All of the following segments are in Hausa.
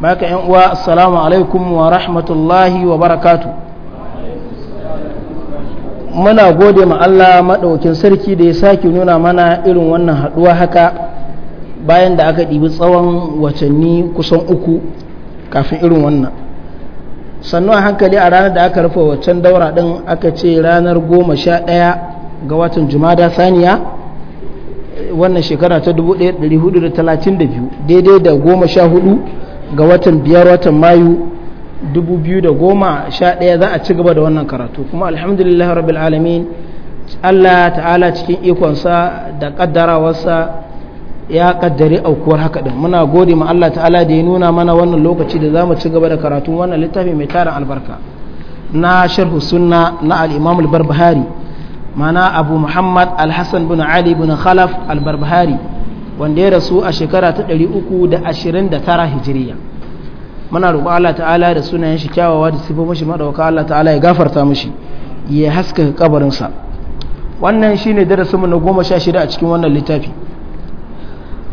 maka yan uwa assalamu alaikum wa rahmatullahi wa barakatu muna gode ma Allah maɗaukin sarki da ya sake nuna mana irin wannan haɗuwa haka bayan da aka ɗibi tsawon watanni kusan uku kafin irin wannan sannu a hankali a ranar da aka rufe waccan daura ɗin aka ce ranar goma sha ɗaya ga watan jumada saniya wannan shekara ta 1432 daidai da goma sha hudu ga watan biyar watan mayu 2011 za a ci gaba da wannan karatu kuma alhamdulillah rabbil alamin Allah ta'ala cikin ikonsa da kaddarawarsa ya kaddari aukuwar haka din muna gode ma Allah ta'ala da ya nuna mana wannan lokaci da za mu ci gaba da karatu wannan littafi mai tarin albarka na sharhu sunna na al-imam al-barbahari mana abu muhammad al-hasan bin ali bin khalaf al-barbahari wanda ya rasu a shekara ta 329 hijiriya muna roƙo Allah ta'ala da sunayen shi kyawawa da sifo mashi madawaka Allah ta'ala ya gafarta mashi ya haska kabarinsa wannan shi ne mu na goma sha shida a cikin wannan littafi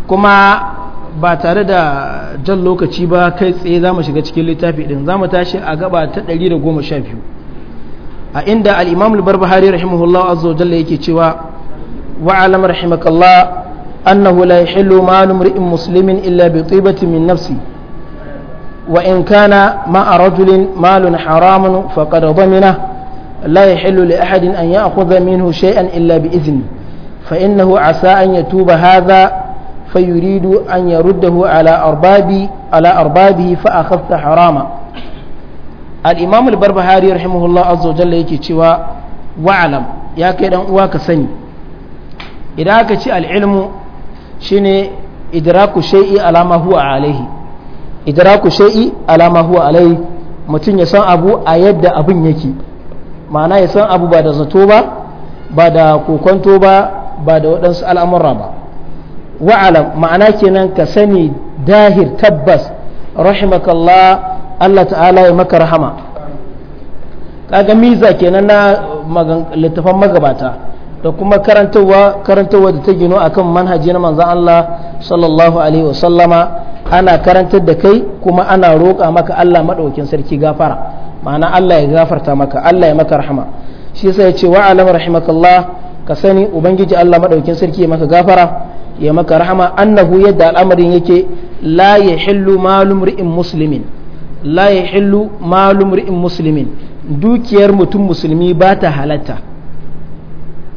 kuma ba tare da jan lokaci ba kai tsaye za mu shiga cikin littafi din za mu tashi a gaba ta ɗari 112 a inda al-imam al-barbahari rahimahullah azza wa jalla yake cewa wa alam rahimakallah أنه لا يحل مال امرئ مسلم إلا بطيبة من نفسه وإن كان مع رجل مال حرام فقد ضمنه لا يحل لأحد أن يأخذ منه شيئا إلا بإذنه فإنه عسى أن يتوب هذا فيريد أن يرده على أربابي على أربابه فأخذت حراما الإمام البربهاري رحمه الله عز وجل يكي وعلم يا كيدان uwa ka sani idan aka ce al'ilmu shine idraku shay'i alama huwa alaihi idraku shay'i alama huwa alaihi mutum ya san abu a yadda abin yake ma'ana ya san abu ba da zato ba ba da kokonto ba ba da waɗansu al'amurra ba wa'alam ma'ana kenan ka sani dahir tabbas rahimakallah Allah ta'ala ya maka rahama kaga miza kenan na littafan magabata da kuma karantarwa karantarwa da ta gino akan manhaji na manzon Allah sallallahu alaihi wasallama ana karantar da kai kuma ana roƙa maka Allah maɗaukin sarki gafara ma'ana Allah ya gafarta maka Allah ya maka rahama shi sai ya ce wa alam rahimakallah ka sani ubangiji Allah maɗaukin sarki ya maka gafara ya maka rahama annahu yadda al'amarin yake la yahillu malum ri'in muslimin la yahillu malum ri'in muslimin dukiyar mutum musulmi ba ta halatta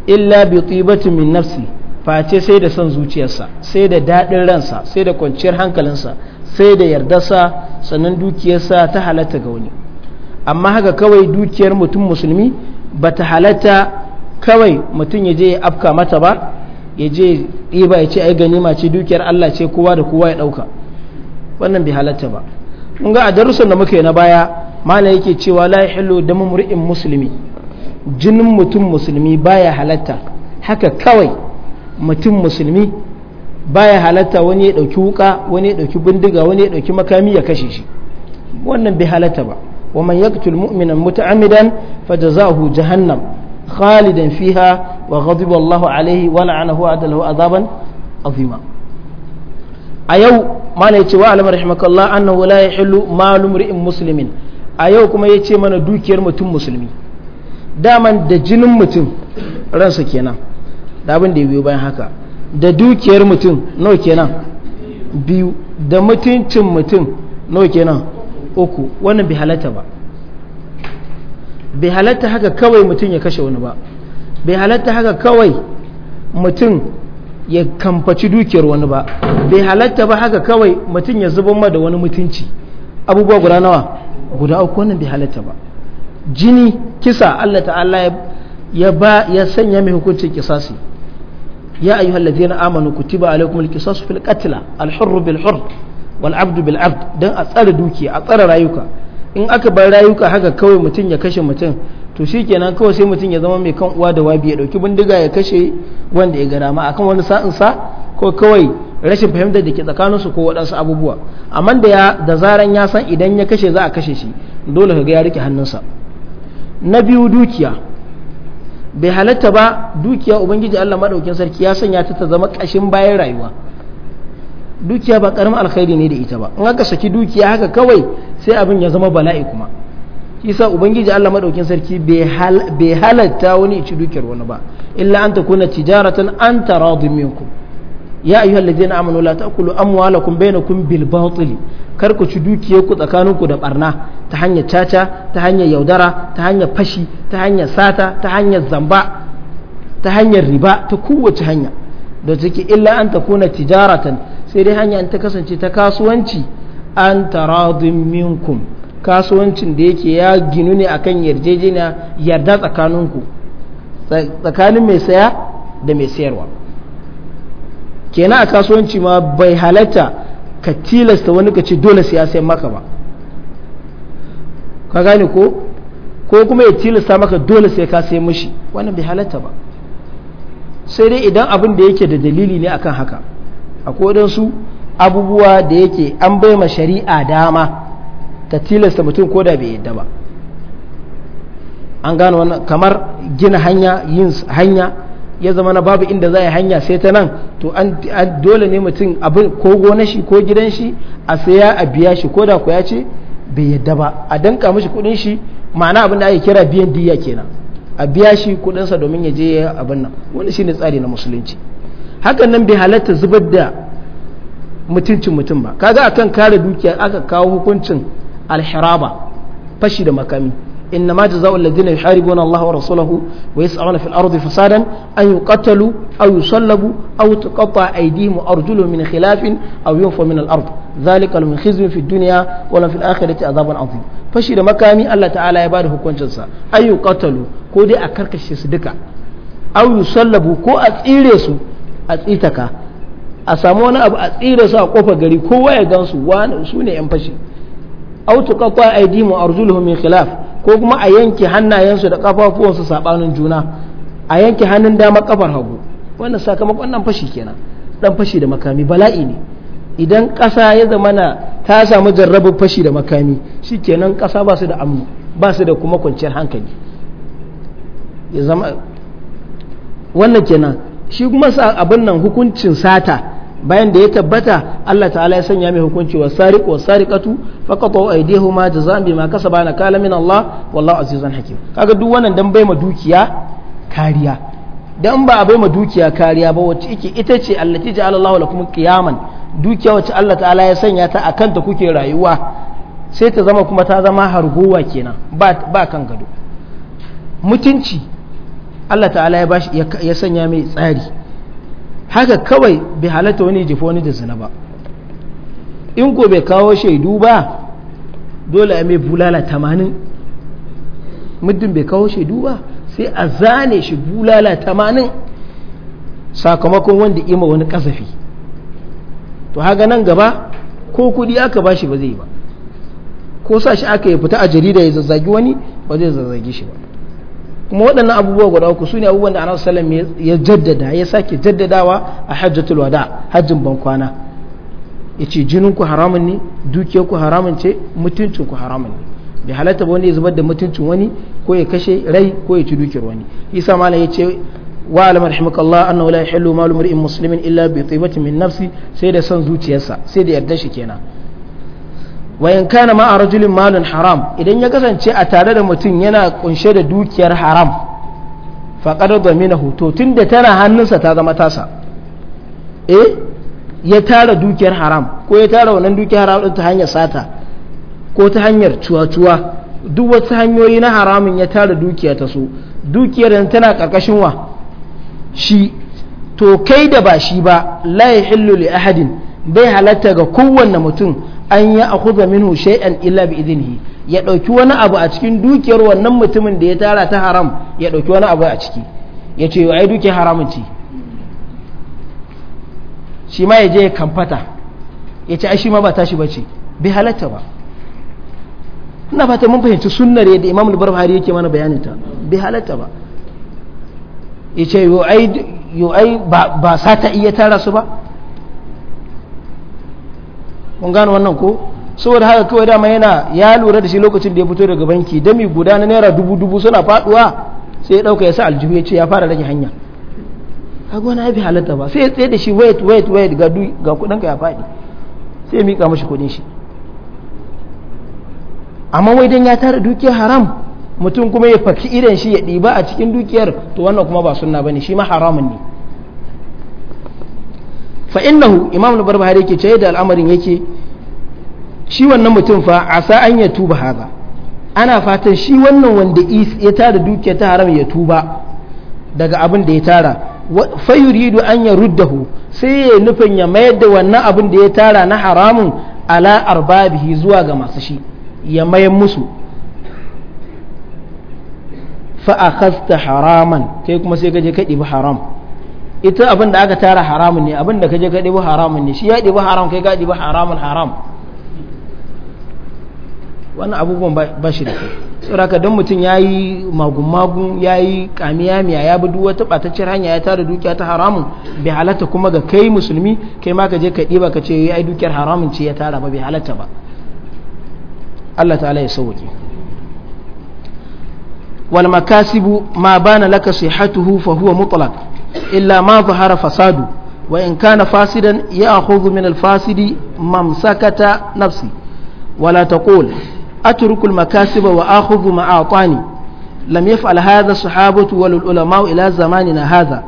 illa bi tibatin min nafsi face sai da son zuciyarsa sai da daɗin ransa sai da kwanciyar hankalinsa sai da yardarsa sannan dukiyarsa ta halatta ga wani amma haka kawai dukiyar mutum musulmi ba ta halatta kawai mutum ya je ya afka mata ba ya je ɗiba ya ce ai ganima ce dukiyar Allah ce kowa da kowa ya ɗauka wannan bai halatta ba mun ga a darussan da muka yi na baya malai yake cewa la yahillu damu mur'in muslimi jinin mutum musulmi baya halatta haka kawai mutum musulmi baya halatta wani ya ɗauki wuka wani ya ɗauki bindiga wani ya ɗauki makami ya kashe shi wannan bai halatta ba wa man yaqtul mu'mina muta'ammidan fajazahu jahannam khalidan fiha wa ghadiba Allahu alayhi wa la'anahu adalahu azaban azima a yau mana yace wa alam rahimakallah annahu la yahillu malu imri'in muslimin a yau kuma yace mana dukiyar mutum musulmi daman da jinin mutum ransa kenan da abin da ya biyo bayan haka da dukiyar mutum nawa kenan biyu da mutuncin mutum nawa kenan uku wannan bai halatta ba bai halatta haka kawai mutum ya kashe wani ba bai halatta haka kawai mutum ya kamfaci dukiyar wani ba bai halatta ba haka kawai mutum ya zubar ma da wani mutunci abubuwa guda nawa guda uku wannan bai halatta ba jini kisa Allah ta'ala ya ba ya sanya mai hukuncin kisasi ya ayyuha alladhina amanu kutiba alaykumul qisasu fil qatl al hurr bil hurr wal abd bil abd dan a tsare dukiya a tsare rayuka in aka bar rayuka haka kawai mutum ya kashe mutum to kenan kawai sai mutum ya zama mai kan uwa da wabi ya dauki bindiga ya kashe wanda ya gara ma akan wani sa'in sa ko kawai rashin fahimtar da ke tsakaninsu ko waɗansu abubuwa amma da ya da zaran ya san idan ya kashe za a kashe shi dole ka ga ya rike hannunsa na biyu dukiya bai halatta ba dukiya ubangiji Allah madaukin sarki ya sanya ta ta zama kashin bayan rayuwa dukiya ba karamin alkhairi ne da ita ba in aka saki dukiya haka kawai sai abin ya zama bala'i kuma kisa ubangiji Allah madaukin sarki bai halatta wani ci dukiyar wani ba illa an ta takuna tijaratan an ta taradin minku ya ayyuhal ladzina amanu la ta'kulu amwalakum bainakum bil kar ku ci dukiyar ku tsakaninku da barna ta hanyar caca ta hanyar yaudara ta hanyar fashi ta hanyar sata ta hanyar zamba ta hanyar riba ta kowace hanya da take illa an ta kuna tijaratan sai dai hanya an ta kasance ta kasuwanci an taradin minkum kasuwancin da yake ya ginu ne akan yarjejeniya yarda tsakaninku tsakanin mai saya da mai sayarwa kenan a kasuwanci ma bai halatta ka tilasta wani ka ce dole sai ya sayan maka ba ka gane ko ko kuma ya tilasta maka dole sai ka sai mashi wannan bai halatta ba sai dai idan abin da yake da dalili ne akan haka akwai wadansu abubuwa da yake an bai ma shari'a dama ta tilasta mutum ko da bai yadda ba an gano wannan kamar gina hanya yin hanya ya zama na babu inda za a yi hanya sai ta nan to an dole ne mutum abin ko gonar shi ko gidan shi a saya a biya shi ko da ku ya ce bai yadda ba a danka mashi kudin shi ma'ana abin da ake kira biyan diya kenan a biya shi kudinsa domin ya je ya abin nan wani ne tsari na musulunci hakan nan bai halatta zubar da mutuncin mutum ba kaga akan kare dukiya aka kawo hukuncin alhiraba fashi da makami إنما جزاء الذين يحاربون الله ورسوله ويسعون في الأرض فسادا أن يقتلوا أو يصلبوا أو تقطع أيديهم وأرجلهم من خلاف أو ينفوا من الأرض ذلك من خزي في الدنيا ولا في الآخرة عذاب عظيم فشير مكامي الله تعالى يباده كونجنسا أن يقتلوا كودي أكركش صدقا أو يصلبوا كو أتئيرسوا أتئيتك أسامونا أبو أتئيرسوا أقوفا غري كوا يغانسوا وانا سوني ينفشي أو تقطع أيديهم وأرجلهم من خلاف ko kuma a yanke hannayensu da kafafuwansu sabanin juna a yanke hannun dama kafar hagu wannan sakamakon nan fashi kenan dan fashi da makami bala'i ne idan ƙasa ya zamana ta samu jarrabin fashi da makami shikenan ƙasa ba su da amma ba su da kuma kwanciyar hankali ya zama wannan kenan shi kuma abin nan hukuncin sata bayan da ya tabbata Allah ta'ala ya sanya mai hukunci wa sariq wa sariqatu faqatu aydihuma jazaan bima kasaba na kala min Allah wallahu azizun hakim kaga duk wannan dan bai ma dukiya kariya dan ba a bai ma dukiya kariya ba wacce yake ita ce allati ja'ala Allahu lakum qiyaman dukiya wacce Allah ta'ala ya sanya ta akan ta kuke rayuwa sai ta zama kuma ta zama hargowa kenan ba ba kan gado mutunci Allah ta'ala ya bashi ya sanya mai tsari haka kawai bai halatta wani jifo wani da zina ba in ko bai kawo shaidu ba dole a mai bulala tamanin muddin bai kawo shaidu ba sai a zane shi bulala tamanin sakamakon wanda ima wani kasafi to haka nan gaba ko kudi aka ba shi ba zai ba ko sa shi aka yi fita a jarida ya zazzagi wani ba zai zazzagi shi ba kuma waɗannan abubuwa guda uku su ne abubuwan da annabi sallam ya jaddada ya sake jaddadawa a hajjatul wada hajjin ban kwana yace jinin ku haramun ne dukiyar ku haramun ce mutuncin ku haramun ne bai halatta ba wani ya zubar da mutuncin wani ko ya kashe rai ko ya ci dukiyar wani isa malam yace wa alam rahimakallah annahu la yahillu malu mar'in muslimin illa bi tibatin min nafsi sai da son zuciyarsa sai da yardan shi kenan wa in kana ma rajulin malun haram idan ya kasance a tare da mutum yana kunshe da dukiyar haram faƙar domina hoto tun da tana hannunsa ta zama tasa eh ya tara dukiyar haram ko ya tara wannan dukiyar haram ta hanyar sata ko ta hanyar cuwa-cuwa duk wasu hanyoyi na haramin ya tara dukiya ta so dukiyar tana ƙarƙashin wa shi to kai da ba shi ba la yahillu li ahadin bai halatta ga kowanne mutum an ya akhudha minhu shay'an illa bi idnihi ya dauki wani abu a cikin dukiyar wannan mutumin da ya tara ta haram ya dauki wani abu a ciki ya ce ai dukiyar haramun ce shi ma ya je ya kamfata ya ce ai shi ma ba tashi bace bai halatta ba ina fata mun fahimci sunnar yadda imam al-barbahari yake mana bayanin ta bai halatta ba ya ce yo ai ba sa ta iya tara su ba mun gano wannan ko saboda haka kawai dama yana ya lura da shi lokacin da ya fito daga banki dami guda na naira dubu dubu suna faduwa sai ya dauka ya sa aljihu ya ce ya fara rage hanya kaga wani ya fi halatta ba sai ya da shi wait wait wait ga du ga kudin ka ya fadi sai ya mika mashi kudin shi amma wai dan ya tara dukiyar haram mutum kuma ya faki idan shi ya ɗiba a cikin dukiyar to wannan kuma ba sunna bane shi ma haramun ne fa innahu imam al-barbahari yake ce da al'amarin yake shi wannan mutum fa sa an ya tuba haza ana fatan shi wannan wanda ya tara dukiya ta haram ya tuba daga abin da ya tara fa yuridu an ya ruddahu sai ya nufin ya mayar da wannan abin da ya tara na haramun ala arbabihi zuwa ga masu shi ya mayar musu fa akhasta haraman kai kuma sai ka je ka ɗibi haram ita abin da aka tara haramun ne abin da ka je ka ɗibi haramun ne shi ya ɗibi haram kai ka ɗibi haramun haram wannan abubuwan ba shi da kai ka don mutum ya yi magun-magun ya yi kamiyamiya ya bi wata ɓataccen hanya ya tara dukiya ta haramun bai halatta kuma ga kai musulmi kai ma ka je ka ɗiba ka ce ya yi dukiyar haramun ce ya tara ba bai halatta ba Allah ta'ala ya sauke wal makasibu ma bana laka sihatuhu fa huwa mutlaq illa ma zahara fasadu wa in kana fasidan ya akhudhu min al-fasidi mamsakata nafsi wala taqul atruku al-makasib wa akhudhu ma a'tani lam yaf'al hadha sahabatu wal ulama ila zamanina hadha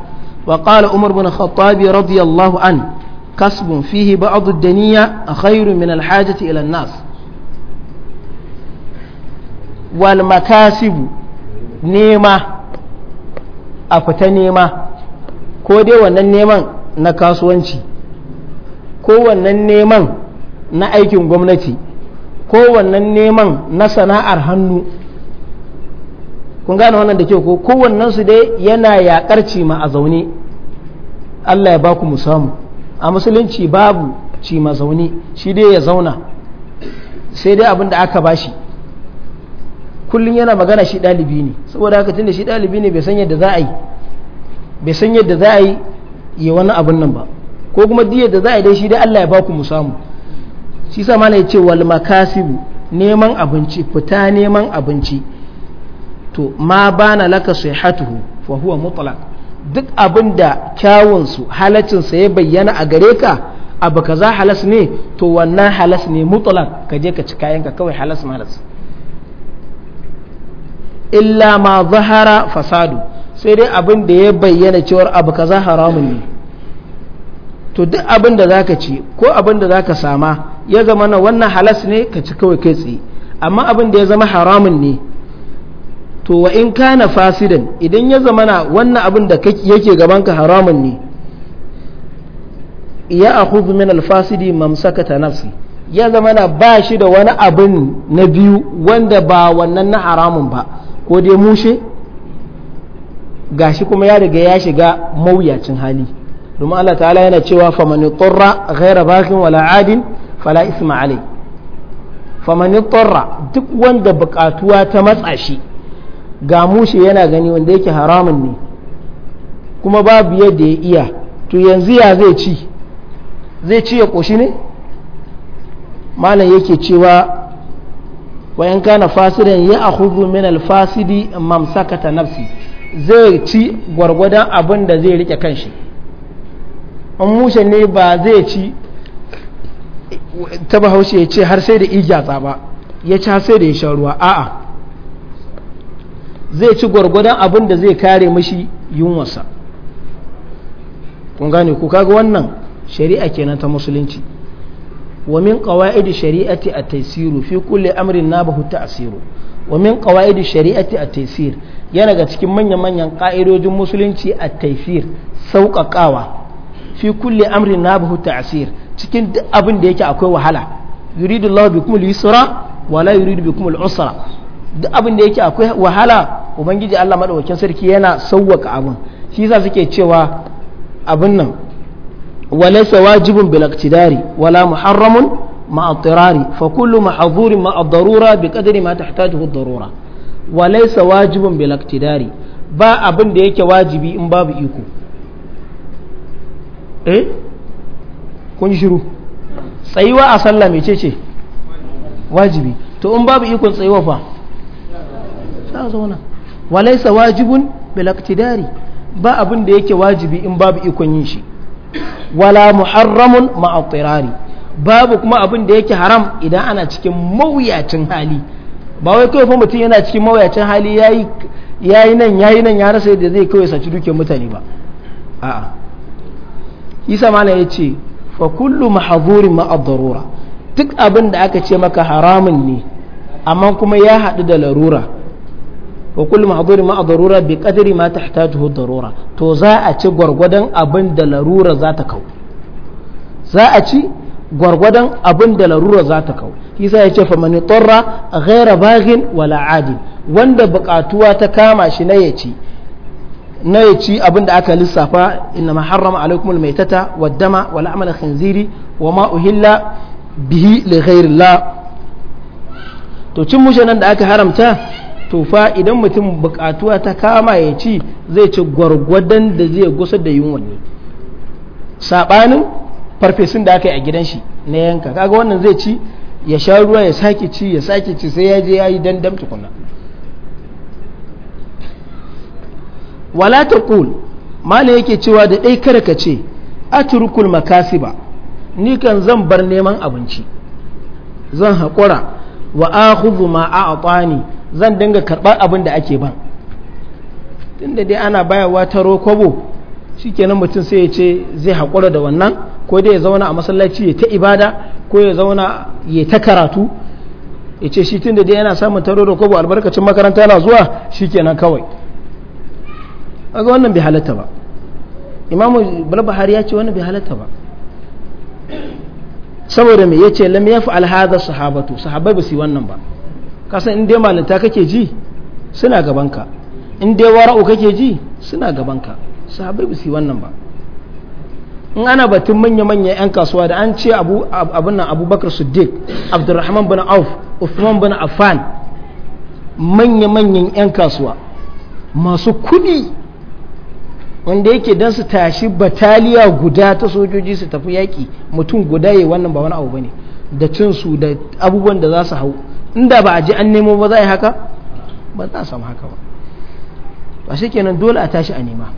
wa qala umar ibn khattab radiyallahu an kasbun fihi ba'd ad-dunya khayrun min al-hajati ila nas wal makasibu nema a fita nema ko dai wannan neman na kasuwanci ko wannan neman na aikin gwamnati ko wannan neman na sana'ar hannu kun gane wannan da ke ko kowannen su dai yana yaƙar cima a zaune Allah ya ba ku mu samu a musulunci babu cima zaune shi dai ya zauna sai dai abin da aka shi, kullum yana magana shi ɗalibi ne saboda haka tun da shi ɗalibi ne bai san yadda za a yi bai san yadda za a yi ya wani abin nan ba ko kuma duk da za a yi dai shi dai Allah ya ba ku mu samu shi sa mana ya ce wal makasibu neman abinci fita neman abinci to ma bana laka sihatuhu fa huwa mutlaq duk abin da kyawun su halaccin sa ya bayyana a gare ka abu kaza halas ne to wannan halas ne mutlaq ka je ka ci kayanka kawai halas malas illa ma zahara fasadu sai dai abin da ya bayyana cewar abu kaza haramun ne to duk abin da zaka ci ko abin da zaka sama ya zama na wannan halas ne ka ci kawai kai tsaye amma abin da ya zama haramun ne to wa in ka na fasidan idan ya zama na wannan abin da yake gaban ka haramun ne ya a akhudhu min alfasidi fasidi ta nafsi ya zama na ba shi da wani abin na biyu wanda ba wannan na haramun ba ko dai mushe gashi kuma ya riga ya shiga mawuyacin hali domin Allah ta'ala yana cewa famani turra ghaira bakin wala adin fala isma alai famani turra duk wanda bukatuwa ta matsa shi ga mushe yana gani wanda yake haramun ne kuma babu yadda ya iya to yanzu ya zai ci zai ci ya koshi ne malam yake cewa wa wayan kana fasidan ya akhudhu min al-fasidi mamsakata nafsi zai ci gwargwadon abin da zai rike kanshi an mushe ne ba zai ci ta bahaushe ya ce har sai da igyatsa ba ya ci har sai da ya sha ruwa a'a zai ci gwargwadon abin da zai kare mashi yunwasa kun gane ku kaga wannan shari'a kenan ta musulunci ومن قواعد شريعة التيسير في كل أمر نابه التأسير ومن قواعد شريعة التيسير yana ga cikin manya-manyan ƙa'idojin musulunci a taifir sauƙaƙawa fi kulle amrin na buhu ta'asir cikin duk abin da yake akwai wahala yuridu Allah bi kuma yusra wala yuridu bi kuma usra duk abin da yake akwai wahala ubangiji Allah madaukakin sarki yana sauwaka abun shi yasa suke cewa abun nan وليس واجب بالاقتدار ولا محرم مع اضطرار فكل محظور مع الضرورة بقدر ما تحتاجه الضرورة وليس واجب بالاقتدار با da yake wajibi a sallah mece ce wajibi to in ba abinda yake wajibi in babu ikon shi wala muharramun ma'atirari babu kuma abin da yake haram idan ana cikin mawuyacin hali ba wai kawai fa mutum yana cikin mawuyacin hali yayi yayi nan yayi nan ya rasa yadda zai kawai saci duke mutane ba a isa mana yace fa kullu mahdhurin ma'a darura duk abin da aka ce maka haramun ne amma kuma ya hadu da larura wa kullu mahdhurin ma darura bi qadri ma tahtajuhu darura to za a ci gwargwadon abin da larura za ta kau za a ci gwargwadon abin da larura za ta kau isa ya ce famani tsorra ghaira baghin wala adin wanda bukatuwa ta kama shi na yaci na yaci abin da aka lissafa inna maharrama alaikum almaitata waddama wala amal khinziri wa ma uhilla bihi li to cin mushe nan da aka haramta to fa idan mutum bukatuwa ta kama ya ci zai ci gwargwadon da zai gusa da yunwa ne saɓanin farfesun da aka yi a gidan shi na yanka kaga wannan zai ci ya sha ruwa ya sake ci ya sake ci sai ya je ya yi dandam tukuna wala ta kul mala yake cewa da ɗai kar ka ce a makasi makasiba ni kan zan bar neman abinci zan haƙura wa a ma a'tani zan dinga karɓar abin da ake ban tunda dai ana bayarwa ta rokobo shikenan mutum sai ya ce zai haƙura da wannan ko dai ya zauna a masallaci ya ta ibada ko ya zauna ya ta karatu ya ce shi tunda dai yana samun taro da kwabo albarkacin makaranta na zuwa shikenan kawai aga wannan bai halatta ba imamu barbahari ya ce wannan bai halatta ba saboda me ya ce lam yafi alhada sahabatu sahabai ba su yi wannan ba kasan inda malinta kake ji suna gabanka in wara'u kake ji suna gabanka sahabai ba su yi wannan ba in ana batun manya-manya 'yan kasuwa da an ce abin nan abubakar siddiq abdurrahman bin auf uthman bin affan manya-manyan 'yan kasuwa masu kudi wanda yake dan su tashi bataliya guda ta sojoji su tafi yaƙi mutum guda ya wannan ba wani abu ba ne da cinsu da abubuwan da za su hau inda ba a ji an nemo ba za a yi haka ba za a samu haka ba ba shi kenan dole a tashi a nema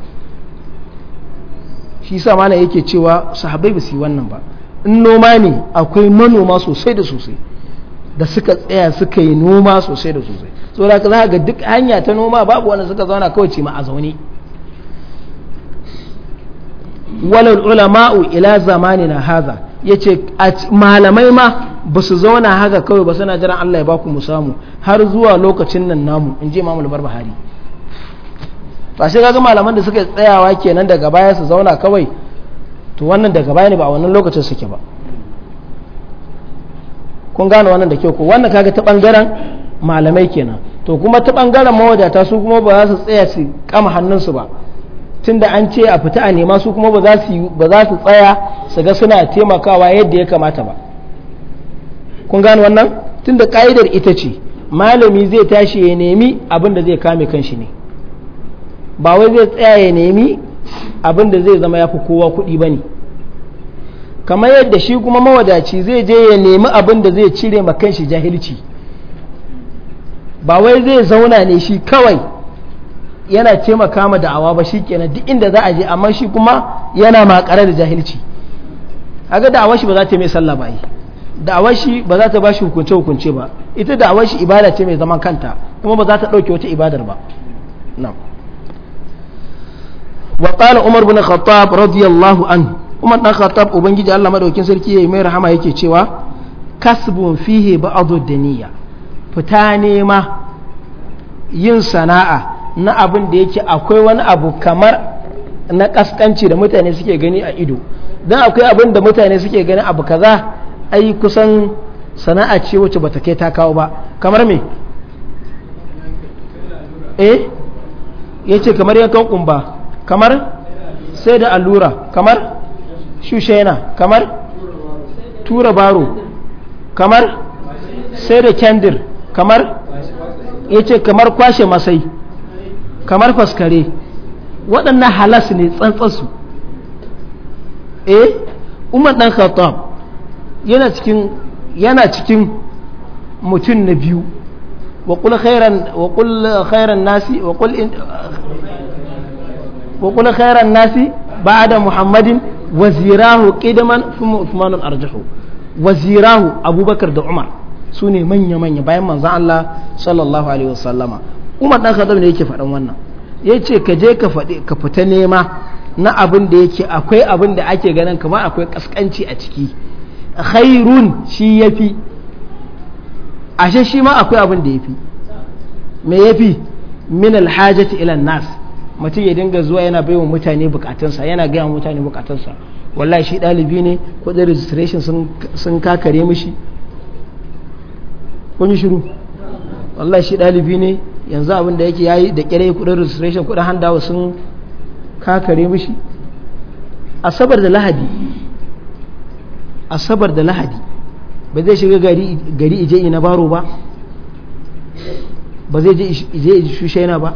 shi sa mana yake cewa sahabai ba su yi wannan ba in noma ne akwai manoma sosai da sosai da suka tsaya suka yi noma sosai da sosai tsoraka ka za ga duk hanya ta noma babu wanda suka zauna kawai ce ma a zaune walal ulama'u ila zamani na haza yace malamai ma ba su zauna haka kawai ba suna jiran Allah ya baku mu samu har zuwa lokacin nan namu in ji Imam barbahari ba shi kaga malaman da suka tsayawa kenan daga baya su zauna kawai to wannan daga baya ne ba a wannan lokacin suke ba kun gane wannan da kyau ko wannan kaga ta bangaren malamai kenan to kuma ta bangaren mawadata su kuma ba za su tsaya su kama hannunsu ba tunda an ce a fita a nema su kuma ba za su tsaya su ga suna taimakawa yadda ya kamata ba kun gane wannan tunda ka'idar ita ce malami zai tashi ya nemi abin da zai kame kanshi ne ba wai zai tsaya ya nemi abin da zai zama ya fi kowa kuɗi ba ne kamar yadda shi kuma mawadaci zai je ya nemi abin da zai cire ma kanshi jahilci ba wai zai zauna ne shi kawai yana taimaka ma da'awa ba shi kenan duk inda za a je amma shi kuma yana makare da jahilci kaga da'awar shi ba za ta mai sallah ba yi da'awar shi ba za ta ba shi hukunce hukunce ba ita da shi ibada ce mai zaman kanta kuma ba za ta ɗauke wata ibadar ba na'am wa qala umar bin khattab radiyallahu anhu umar dan khattab ubangiji Allah madaukin sarki yayi mai rahama yake cewa kasbun fihi da niyya fita nema yin sana'a na abin da yake akwai wani abu kamar na kaskanci da mutane suke gani a ido don akwai abin da mutane suke gani abu kaza ai kusan sana'a ce wacce bata kai ta kawo ba kamar me eh ya ce kamar yankan kumba kamar sai da allura kamar shushena kamar tura baro kamar sai da kendir kamar ya ce kamar kwashe masai kamar faskare waɗannan halas ne tsantsansu eh umar ɗan khattab yana cikin yana cikin na biyu wa kula nasi wa ba'da muhammadin wazirahu qidaman thumma uthman arjahu wazirahu abubakar da umar su ne manya manya bayan manzo allah sallallahu alaihi wasallama umar dan khattab ne yake faɗin wannan ya ce ka je ka faɗi ka fita nema na abin da yake akwai abin da ake ganin kamar akwai kaskanci a ciki khairun shi yafi ashe shi ma akwai abin da yafi me yafi min alhajati ilan nas mutum ya dinga zuwa yana bai wa mutane bukatunsa yana gaya mutane bukatunsa wallahi shi ɗalibi ne kudin registration sun kakare mishi kun yi shiru wallahi shi ɗalibi ne yanzu abin da yake yi da kire kudin registration kudin handawa sun kakare mishi asabar da lahadi asabar da lahadi ba zai shiga gari ije ina baro ba ba zai je ije shushaina ba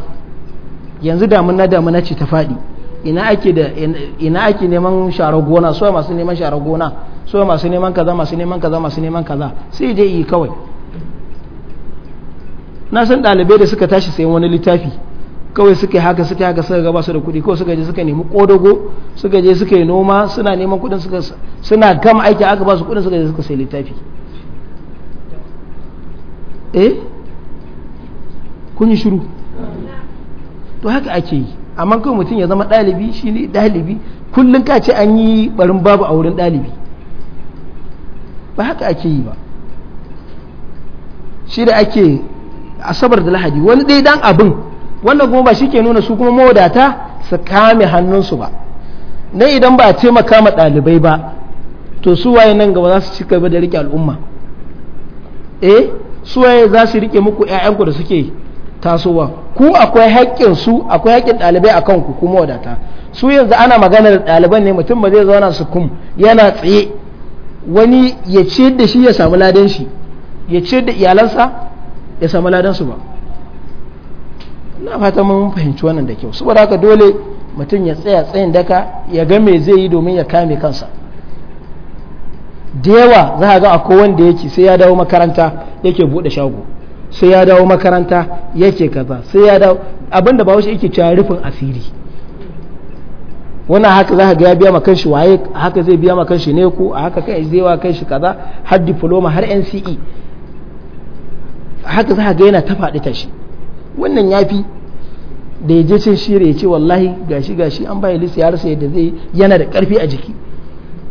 yanzu damuna damuna ce ta faɗi ina ake ina ake neman sharar gona so masu neman sharar gona so masu neman kaza masu neman kaza masu neman kaza sai je yi kawai na san ɗalibai da suka tashi sayan wani littafi kawai suka yi haka suka haka suka gaba su da kuɗi ko suka je suka nemi ƙodogo suka je suka yi noma suna neman kuɗin suka suna gama aiki aka ba su kuɗin suka je suka sayi littafi eh kun yi shiru to haka ake yi amma kawai mutum ya zama ɗalibi shi ne ɗalibi kullum ka ce an yi barin babu a wurin ɗalibi ba haka ake yi ba shi da ake asabar da lahadi wani dai dan abin wannan kuma ba shi ke nuna su kuma mawadata su kame hannunsu ba na idan ba a taimaka ma ɗalibai ba to su waye nan gaba za su ci gaba da rike al'umma eh su waye za su rike muku ƴaƴanku da suke tasowa ku akwai haƙƙin su akwai haƙƙin ɗalibai akan ku kuma wadata su yanzu ana maganar ɗaliban ne mutum ba zai zauna su kum yana tsaye wani ya ciyar da shi ya samu ladan shi ya ciyar da iyalansa ya samu ladan ba na fata mun fahimci wannan da kyau saboda haka dole mutum ya tsaya tsayin daka ya ga me zai yi domin ya kame kansa da yawa za a ga a akwai wanda yake sai ya dawo makaranta yake bude shago sai ya dawo makaranta yake kaza sai ya dawo abinda ba wasu yake cewa rufin asiri wannan haka za ga ya biya makanshi waye haka zai biya makanshi ne ku a haka kai zai wa kanshi kaza har diploma har NCE haka za a ga yana ta faɗi shi wannan ya fi da ya je cin shirya ya ce wallahi gashi gashi an bayan lisa ya rasa yadda zai yana da ƙarfi a jiki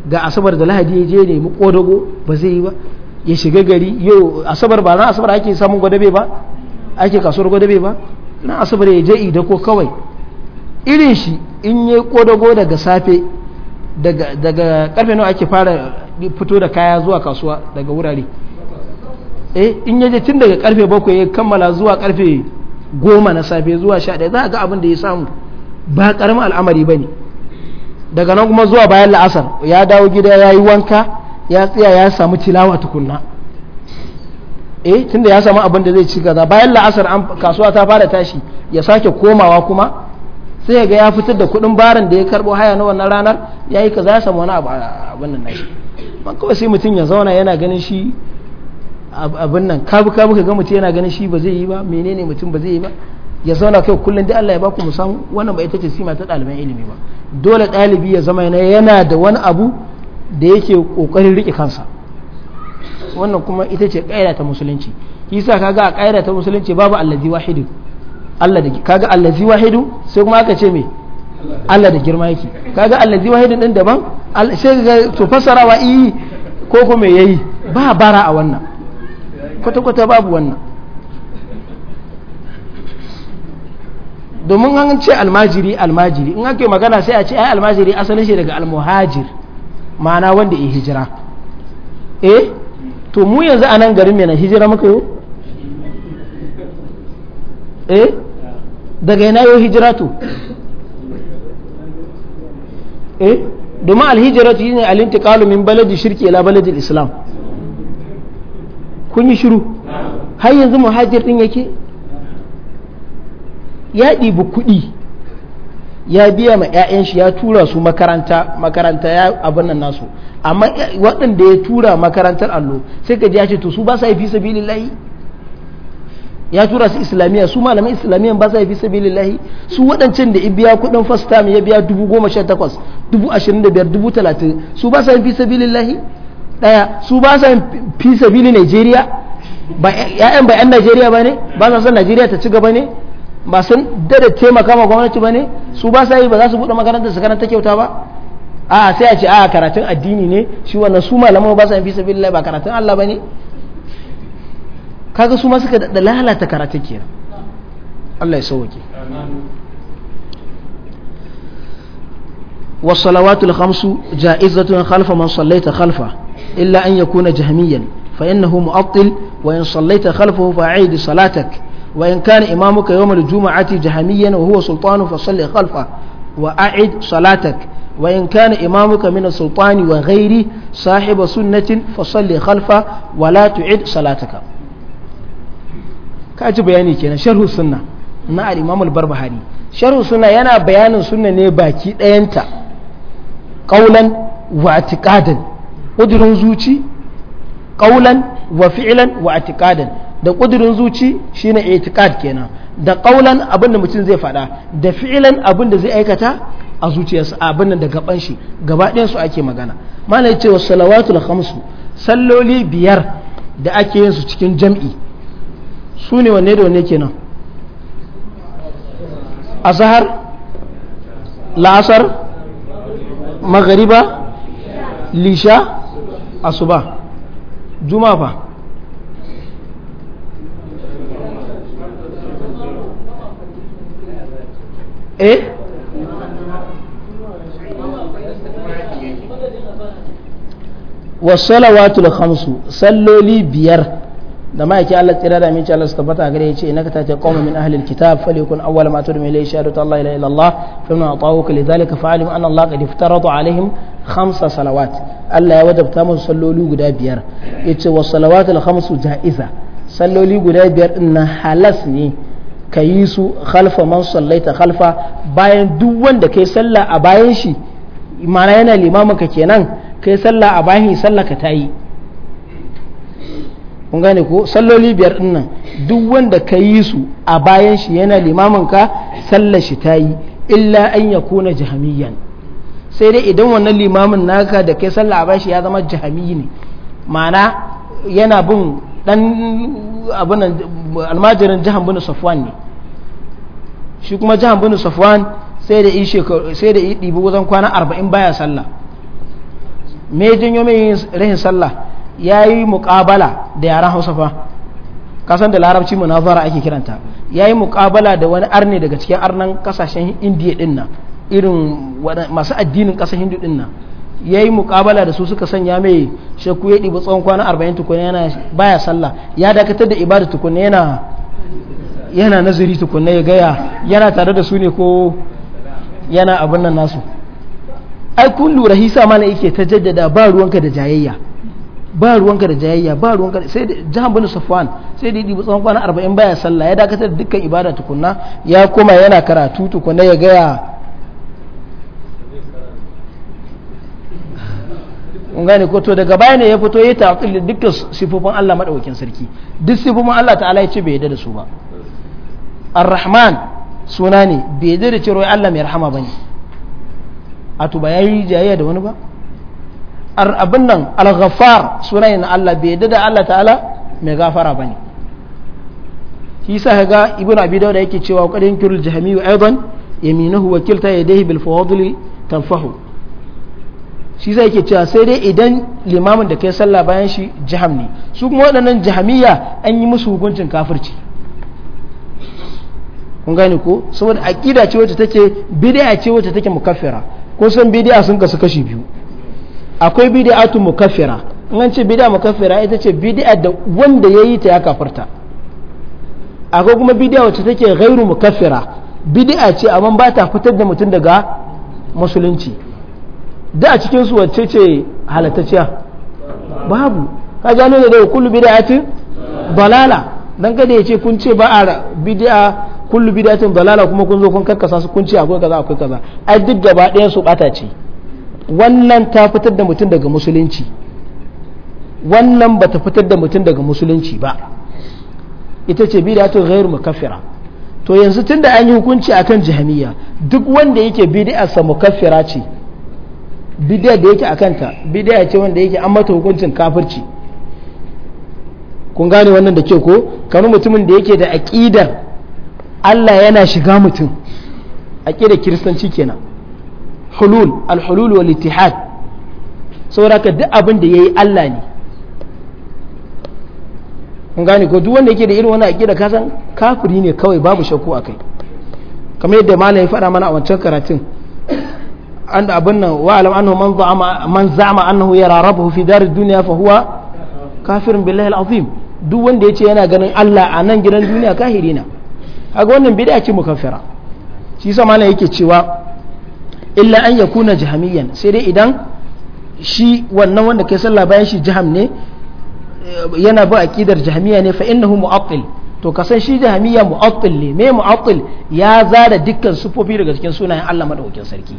ga asabar da lahadi ya je mu ƙodago ba zai yi ba ya shiga gari yau asabar ba na asabar ake samun gwadabe ba ake kasuwar gwadabe ba na asabar ya je ida ko kawai irin shi in ya ƙodago daga safe daga karfe nawa ake fara fito da kaya zuwa kasuwa daga wurare eh in ya je tun daga karfe bakwai ya kammala zuwa karfe goma na safe zuwa sha ɗaya za a ga abin da ya samu ba karamin al'amari ba ne daga nan kuma zuwa bayan la'asar ya dawo gida ya yi wanka ya tsaya ya samu tilawa tukunna eh da ya samu abin da zai ci gaza bayan la'asar kasuwa ta fara tashi ya sake komawa kuma sai ya ga ya fitar da kuɗin barin da ya karɓo haya na wannan ranar ya yi kaza ya samu wani abin nan nashi man kawai sai mutum ya zauna yana ganin shi abin nan kabu kabu ka ga mutum yana ganin shi ba zai yi ba menene mutum ba zai yi ba ya zauna kai kullum da Allah ya baku mu samu wannan ba ita ce sima ta dalibin ilimi ba dole dalibi ya zama yana da wani abu da yake kokarin rike kansa wannan kuma ita ce kaida ta musulunci yasa kaga a kaida ta musulunci babu allazi wahidu Allah da kaga allazi wahidu sai kuma aka ce me Allah da girma yake kaga allazi wahidu din daban sai ga to fasarawa yi ko kuma yayi ba bara a wannan kwata-kwata babu wannan domin an ce almajiri almajiri in ake magana sai a ce ai almajiri asalin shi daga almuhajir ma'ana wanda ya hijira eh to mu yanzu a nan garin na hijira muka yi eh daga yana yi hijira to eh domin tu shine ne alintikalu min baladi shirki ila baladi islam kun yi shiru har yanzu muhajir din yake ya ɗibi kuɗi ya biya ma 'ya'yan shi ya tura su makaranta makaranta ya abin nan nasu amma waɗanda ya tura makarantar allo sai ka ji ya ce to su ba sa yi fi sabilillahi ya tura su islamiyya su malamin islamiyya ba sa yi fi sabilillahi su waɗancan da ibiya kuɗin first time ya biya dubu goma sha takwas dubu ashirin da biyar dubu talatin su ba sa yi fi sabilillahi ɗaya su ba sa fi sabili Najeriya ba ƴaƴan ba Najeriya ba ne ba sa san Najeriya ta ci gaba ne ba sun dada taimaka ma gwamnati ba ne su ba sa yi ba za su buɗe makarantar su karanta kyauta ba a sai a ce a karatun addini ne shi wannan su malaman ba sa fi sabili ba karatun Allah ba ne kaga su ma suka da lalata karatun kenan Allah ya sauke والصلوات الخمس جائزة خلف من صليت خلفه إلا أن يكون جهميا فإنه مؤطل وإن صليت خلفه فأعيد صلاتك وإن كان إمامك يوم الجمعة جهميا وهو سلطان فصل خلفه وأعد صلاتك وإن كان إمامك من السلطان وغيره صاحب سنة فصل خلفه ولا تعد صلاتك kaji bayani kenan sharhu sunna na al-imam al-barbahari sharhu sunna yana bayanin sunna ne baki ɗayanta qaulan wa i'tiqadan kudurin zuci qaulan wa fi'lan wa i'tiqadan da ƙudurin zuci shine i'tiqad kenan da qaulan abin da mutum zai faɗa da fi'lan abin da zai aikata a zuciyarsa abin da gaban shi gaba ɗayan su ake magana malai cewa salawatul khamsu salloli biyar da ake yin su cikin jam'i su ne wanne da wanne kenan azhar la'asar magariba lisha asuba juma fa eh wasalawatul khamsu salloli biyar da ma'aiki Allah tsira da min Allah su tabbata gare ya ce ina ka ce qawma min ahli alkitab falyakun awwal ma tudmi ilayhi shahadatu Allah ila illallah fa man atawuka lidhalika fa'alim anna Allah qad iftarada alaihim khamsa salawat Allah ya wajabta musu salloli guda biyar yace was salawatul khamsu ja'iza salloli guda biyar din nan halas ne ka yi su khalfa man sallaita khalfa bayan duk wanda kai sallah a bayan shi ma'ana yana limamin ka kenan kai sallah a bayan sallah ka tayi kun gane ko salloli biyar din nan duk wanda ka yi su a bayan shi yana limamin ka sallar shi ta yi illa an ya kona jahamiyan sai dai idan wannan limamin naka da kai sallah a bayan shi ya zama jahami ne ma'ana yana bin dan abin almajirin jahan bin safwan ne shi kuma jahan bin safwan sai da sai da dibi wajen kwana arba'in baya sallah me janyo mai rahin sallah ya yi muƙabala da yaren hausa fa kasan da larabci munazara ake kiranta ya yi mukabala da wani arne daga cikin arnan kasashen indiya din nan irin masu addinin ƙasar hindu din nan ya yi mukabala da su suka sanya mai shakku ya ɗiba tsawon kwana arba'in tukuna yana baya sallah ya dakatar da ibada tukuna yana yana nazari tukuna ya gaya yana tare da su ne ko yana abin nan nasu ai kun lura hisa mana yake ta jaddada ba ruwanka da jayayya ba ruwanka da jayayya ba ruwanka sai da jahan bani safwan sai da dibi tsawon kwana arba'in baya sallah ya dakatar da dukkan ibada tukunna ya koma yana karatu tukunna ya gaya kun gane ko to daga baya ne ya fito ya ta'til dukkan sifofin Allah madaukakin sarki duk sifofin Allah ta'ala ya ce bai yadda da su ba ar-rahman suna ne bai yadda da cewa Allah mai rahama bane a to ba yayi jayayya da wani ba abin nan al-ghaffar sunan na Allah bai yadda da Allah ta'ala mai gafara bane shi sa ga ibnu abi dawud yake cewa qadin kirul jahmi wa aidan yaminuhu wa kilta yadayhi bil fawadli tanfahu shi sa yake cewa sai dai idan limamin da kai sallah bayan shi jaham ne su kuma waɗannan jahmiya an yi musu hukuncin kafirci kun gane ko saboda aqida ce wacce take bid'a ce wacce take mukaffira ko san bid'a sun kasu kashi biyu akwai bid'atu mukaffira in an ce bid'a mukaffira ita ce bid'a da wanda yayi ta ya kafirta akwai kuma bid'a wacce take ghairu mukaffira bid'a ce amma ba ta fitar da mutum daga musulunci da a cikin su wacce ce halattaciya babu ka gano da daga kullu bid'atin dalala dan kada ya ce kun ce ba a bid'a kullu bid'atin dalala kuma kun zo kun karkasa su kun ce akwai kaza akwai kaza ai duk gaba ɗayan su bata ce wannan ta fitar da mutum daga musulunci wannan ba ta fitar da mutum daga musulunci ba ita ce bid'atu ghairu mukaffira to yanzu tunda an yi hukunci akan jahamiya duk wanda yake bid'arsa mukaffira ce bid'a da yake akanta bid'a ce wanda yake an mata hukuncin kafirci kun gane wannan da ke ko kamar mutumin da yake da aƙidar Allah yana shiga mutum aqidar kiristanci kenan hulul al wal ittihad saboda duk abin da yayi Allah ne kun gane ko duk wanda yake da irin wannan aqida kasan kafiri ne kawai babu shakku akai kamar yadda malam ya faɗa mana a wancan karatun an da abin nan wa alam annahu man za'ama man za'ama annahu yara rabbuhu fi darid dunya fa huwa kafirun billahi alazim duk wanda yace yana ganin Allah a nan gidan duniya kafiri na kaga wannan bid'a ce mukaffira shi yasa malam yake cewa illa an ya kuna jahamiyan sai dai idan shi wannan wanda kai sallah bayan shi jaham ne eh, yana ba aqidar jahamiya ne fa innahu mu'attil to ka shi jahamiya mu'attil ne me mu'attil ya zara dukkan sifofi daga cikin sunayen Allah madaukakin sarki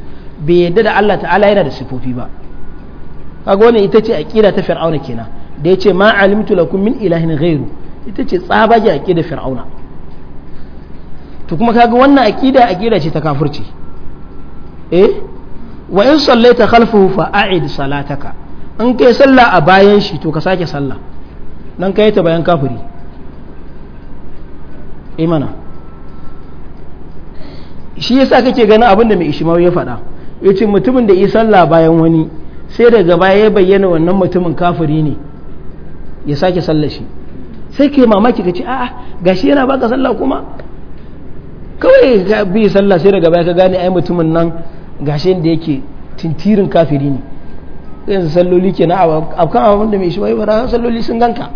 bai yadda da Allah ta'ala yana da sifofi ba kaga wannan ita ce aqida ta fir'auna kenan da yace ma alimtu lakum min ilahin ghairu ita ce tsabage aqida fir'auna to kuma kaga wannan aqida aqida ce ta kafirci eh wa in sallaita khalfahu fa a'id salataka in kai sallah a bayan shi to ka sake sallah dan kai ta bayan kafiri imana eh shi yasa kake ganin abin da mai ishimau ya faɗa yace mutumin da yi sallah bayan wani sai daga baya ya bayyana wannan mutumin kafiri ne ya sake sallah shi sai ke mamaki ka ce a'a gashi yana baka sallah kuma kawai bi sallah sai daga baya ka gane ai mutumin nan gashin da yake tintirin kafiri ne yanzu salloli ke a abokan abokan da mai shi wai ba salloli sun ganka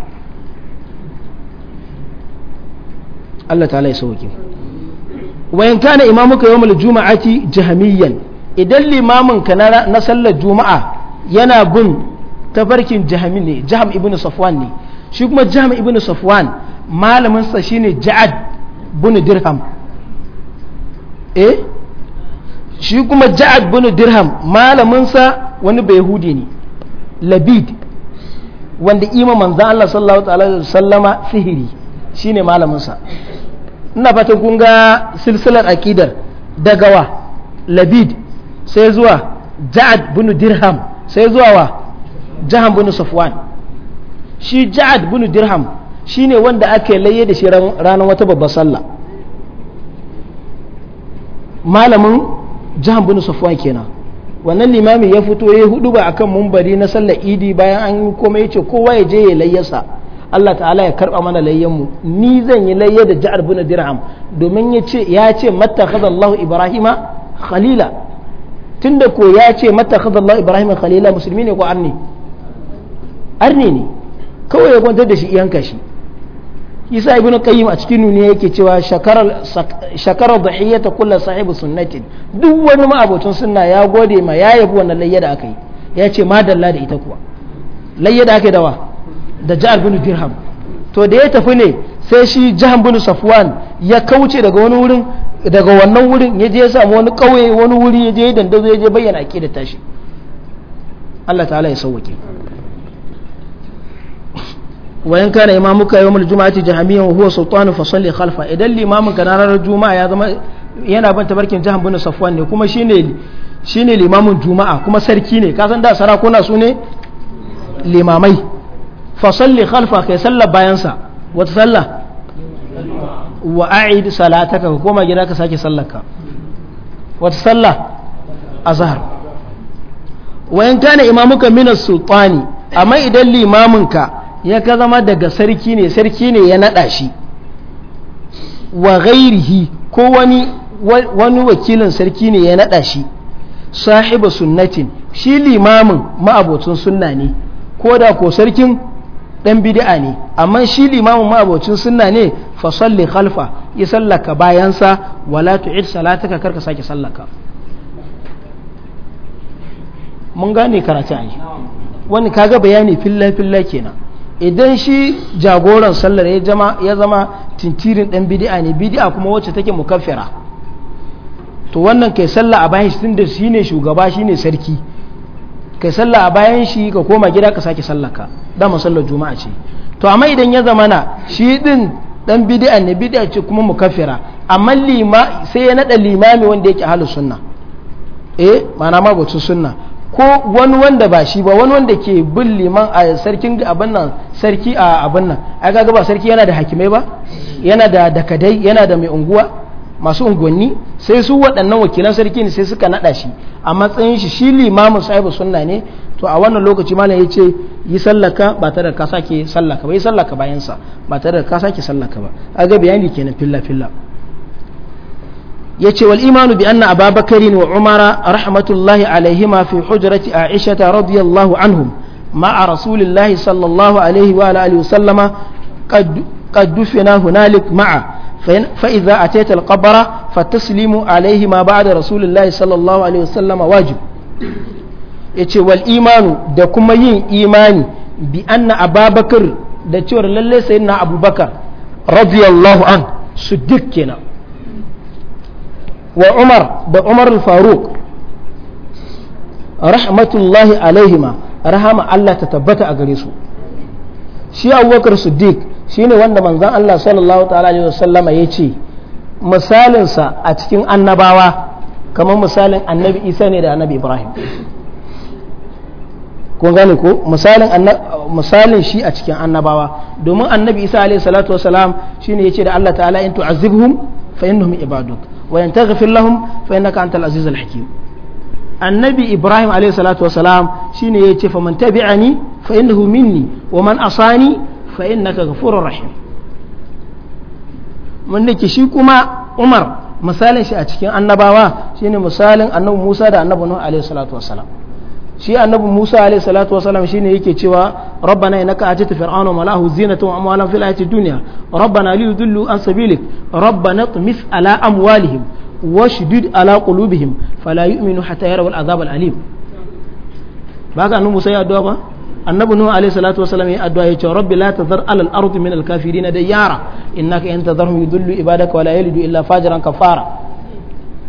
Allah ta ya sauke wa yanka na imamuka yawmul juma'ati jahamiyyan idan limamin ka na sallar juma'a yana bin tafarkin jahami ne jaham ibnu safwan ne shi kuma jaham ibnu safwan malaminsa shine ja'ad bin dirham eh shi kuma ja'ad bin dirham malaminsa wani bai ne labid wanda ima manzan Allah sallallahu alaihi wasallama sihiri shine malaminsa ina fata kun ga silsilar akidar daga wa labid sai zuwa ja'ad bin dirham sai zuwa wa jahan bin safwan shi ja'ad bin dirham shine wanda ake laye da shi ranar wata babbar sallah malamin jahan bin safwan kenan wannan limamin ya fito ya hudu ba akan mumbari na sallar idi bayan an yi komai ya ce kowa ya je ya layyasa Allah ta'ala ya karba mana layyanmu ni zan yi layya da jihar bin dirham domin ya ce ya ce mattakhadha Allah Ibrahima khalila tunda ko ya ce mattakhadha Allah Ibrahima khalila musulmi ne ko arni arni ne kawai ya kwantar da shi iyanka shi isa ibnu qayyim a cikin nuniya yake cewa shakarar shakarar ta kullu sahibu sunnatin duk wani ma'abocin sunna ya gode ma ya yabi wannan layya da aka yi ya ce ma dalla da ita kuwa layya da aka yi dawa da ja'al bin dirham to da ya tafi ne sai shi jahan bin safwan ya kauce daga wani wurin daga wannan wurin ya je ya samu wani kauye wani wuri ya je dandazo ya je bayyana aqidar tashi Allah ta'ala ya sauwake wa in kana imamuka yawmul juma'ati jahmiyan wa huwa sultanu fa salli khalfa idan limamin ka ranar juma'a ya zama yana ban tabarkin jahan bin safwan ne kuma shine limamin juma'a kuma sarki ne ka da sarakuna su ne limamai fa salli kai sallar bayan wata sallah wa salataka ka koma gida ka sake wata sallah kana imamuka min as amma idan limamin ya ka zama daga sarki ne sarki ne ya naɗa shi wa ghairihi ko wani wani wakilin sarki ne ya naɗa shi sahiba sunnatin shi limamin ma'abocin sunna ne ko da ko sarkin dan bid'a ne amma shi limamin ma'abocin sunna ne fa salli khalfa ya sallaka bayansa wala tu'id salataka karka sake sallaka mun gane karatu ai wani kaga bayani filla filla kenan idan shi jagoran sallar ya zama tintirin ɗan bidi'a ne bidi'a kuma wacce take mukaffira to wannan kai sallah a bayan shi tunda shi ne shugaba shi sarki kai sallah a bayan shi ka koma gida ka sake sallaka dama sallar juma'a ce to amma idan ya zama na shi din dan bid'a ne bid'a ce kuma mukaffira amma lima sai ya nada limami wanda yake ahlus sunna eh ma'ana ma sunna ko wani wanda ba shi ba wani wanda ke bin liman a sarkin abin nan sarki a abin nan ai ga ba sarki yana da hakimai ba yana da dakadai yana da mai unguwa masu unguwanni sai su waɗannan wakilan sarki ne sai suka naɗa shi a matsayin shi shi limamin sahibu sunna ne to a wannan lokaci malam ya ce yi sallaka ba tare da ka sake sallaka ba yi sallaka bayansa ba tare da ka sake sallaka ba ga bayani kenan filla filla yace wal imanu bi anna ababakarin wa umara rahmatullahi alaihima fi hujrati aisha radiyallahu anhum a rasulillahi sallallahu alaihi wa alihi wasallama قد دفنا هنالك معه فإذا أتيت القبر فتسلم عليه ما بعد رسول الله صلى الله عليه وسلم wajib yace wal imanu da kuma yin imani bi anna ababakar da cewar lalle sayyidina abubakar radiyallahu an su duk kenan wa umar da umar Faruk rahmatullahi alaihima rahama Allah ta tabbata a gare su shi abubakar siddiq shine wanda manzon Allah sallallahu ta'ala alaihi wasallama ya ce misalinsa a cikin annabawa kamar misalin annabi isa ne da annabi ibrahim kun gane ko misalin misalin shi a cikin annabawa domin annabi isa alaihi salatu wasalam shine ce da Allah ta'ala in tu'azibhum fa innahum ibaduk wa yantaghfir lahum fa innaka antal azizul hakim annabi ibrahim alayhi salatu wasalam shine yace fa man tabi'ani fa innahu minni wa man asani fa innaka ghafurur rahim mun nake shi kuma umar misalin shi a cikin annabawa shine misalin annabi musa da annabi nuh alayhi salatu shi annabi Musa alaihi salatu wasalam shine yake cewa rabbana innaka atita fir'auna wa malahu zinatan wa amwalan fil hayati dunya rabbana liyudillu an sabilik rabbana tmis ala amwalihim washdid ala qulubihim fala yu'minu hatta yarawu al'azab al'alim baka annabi Musa ya addu'a ba annabi Nuhu alaihi salatu wasalam ya addu'a ya ce rabbi la tazar ala al-ardi min al-kafirin dayara innaka in tazarhum yudillu ibadaka wa la yalidu illa fajran kafara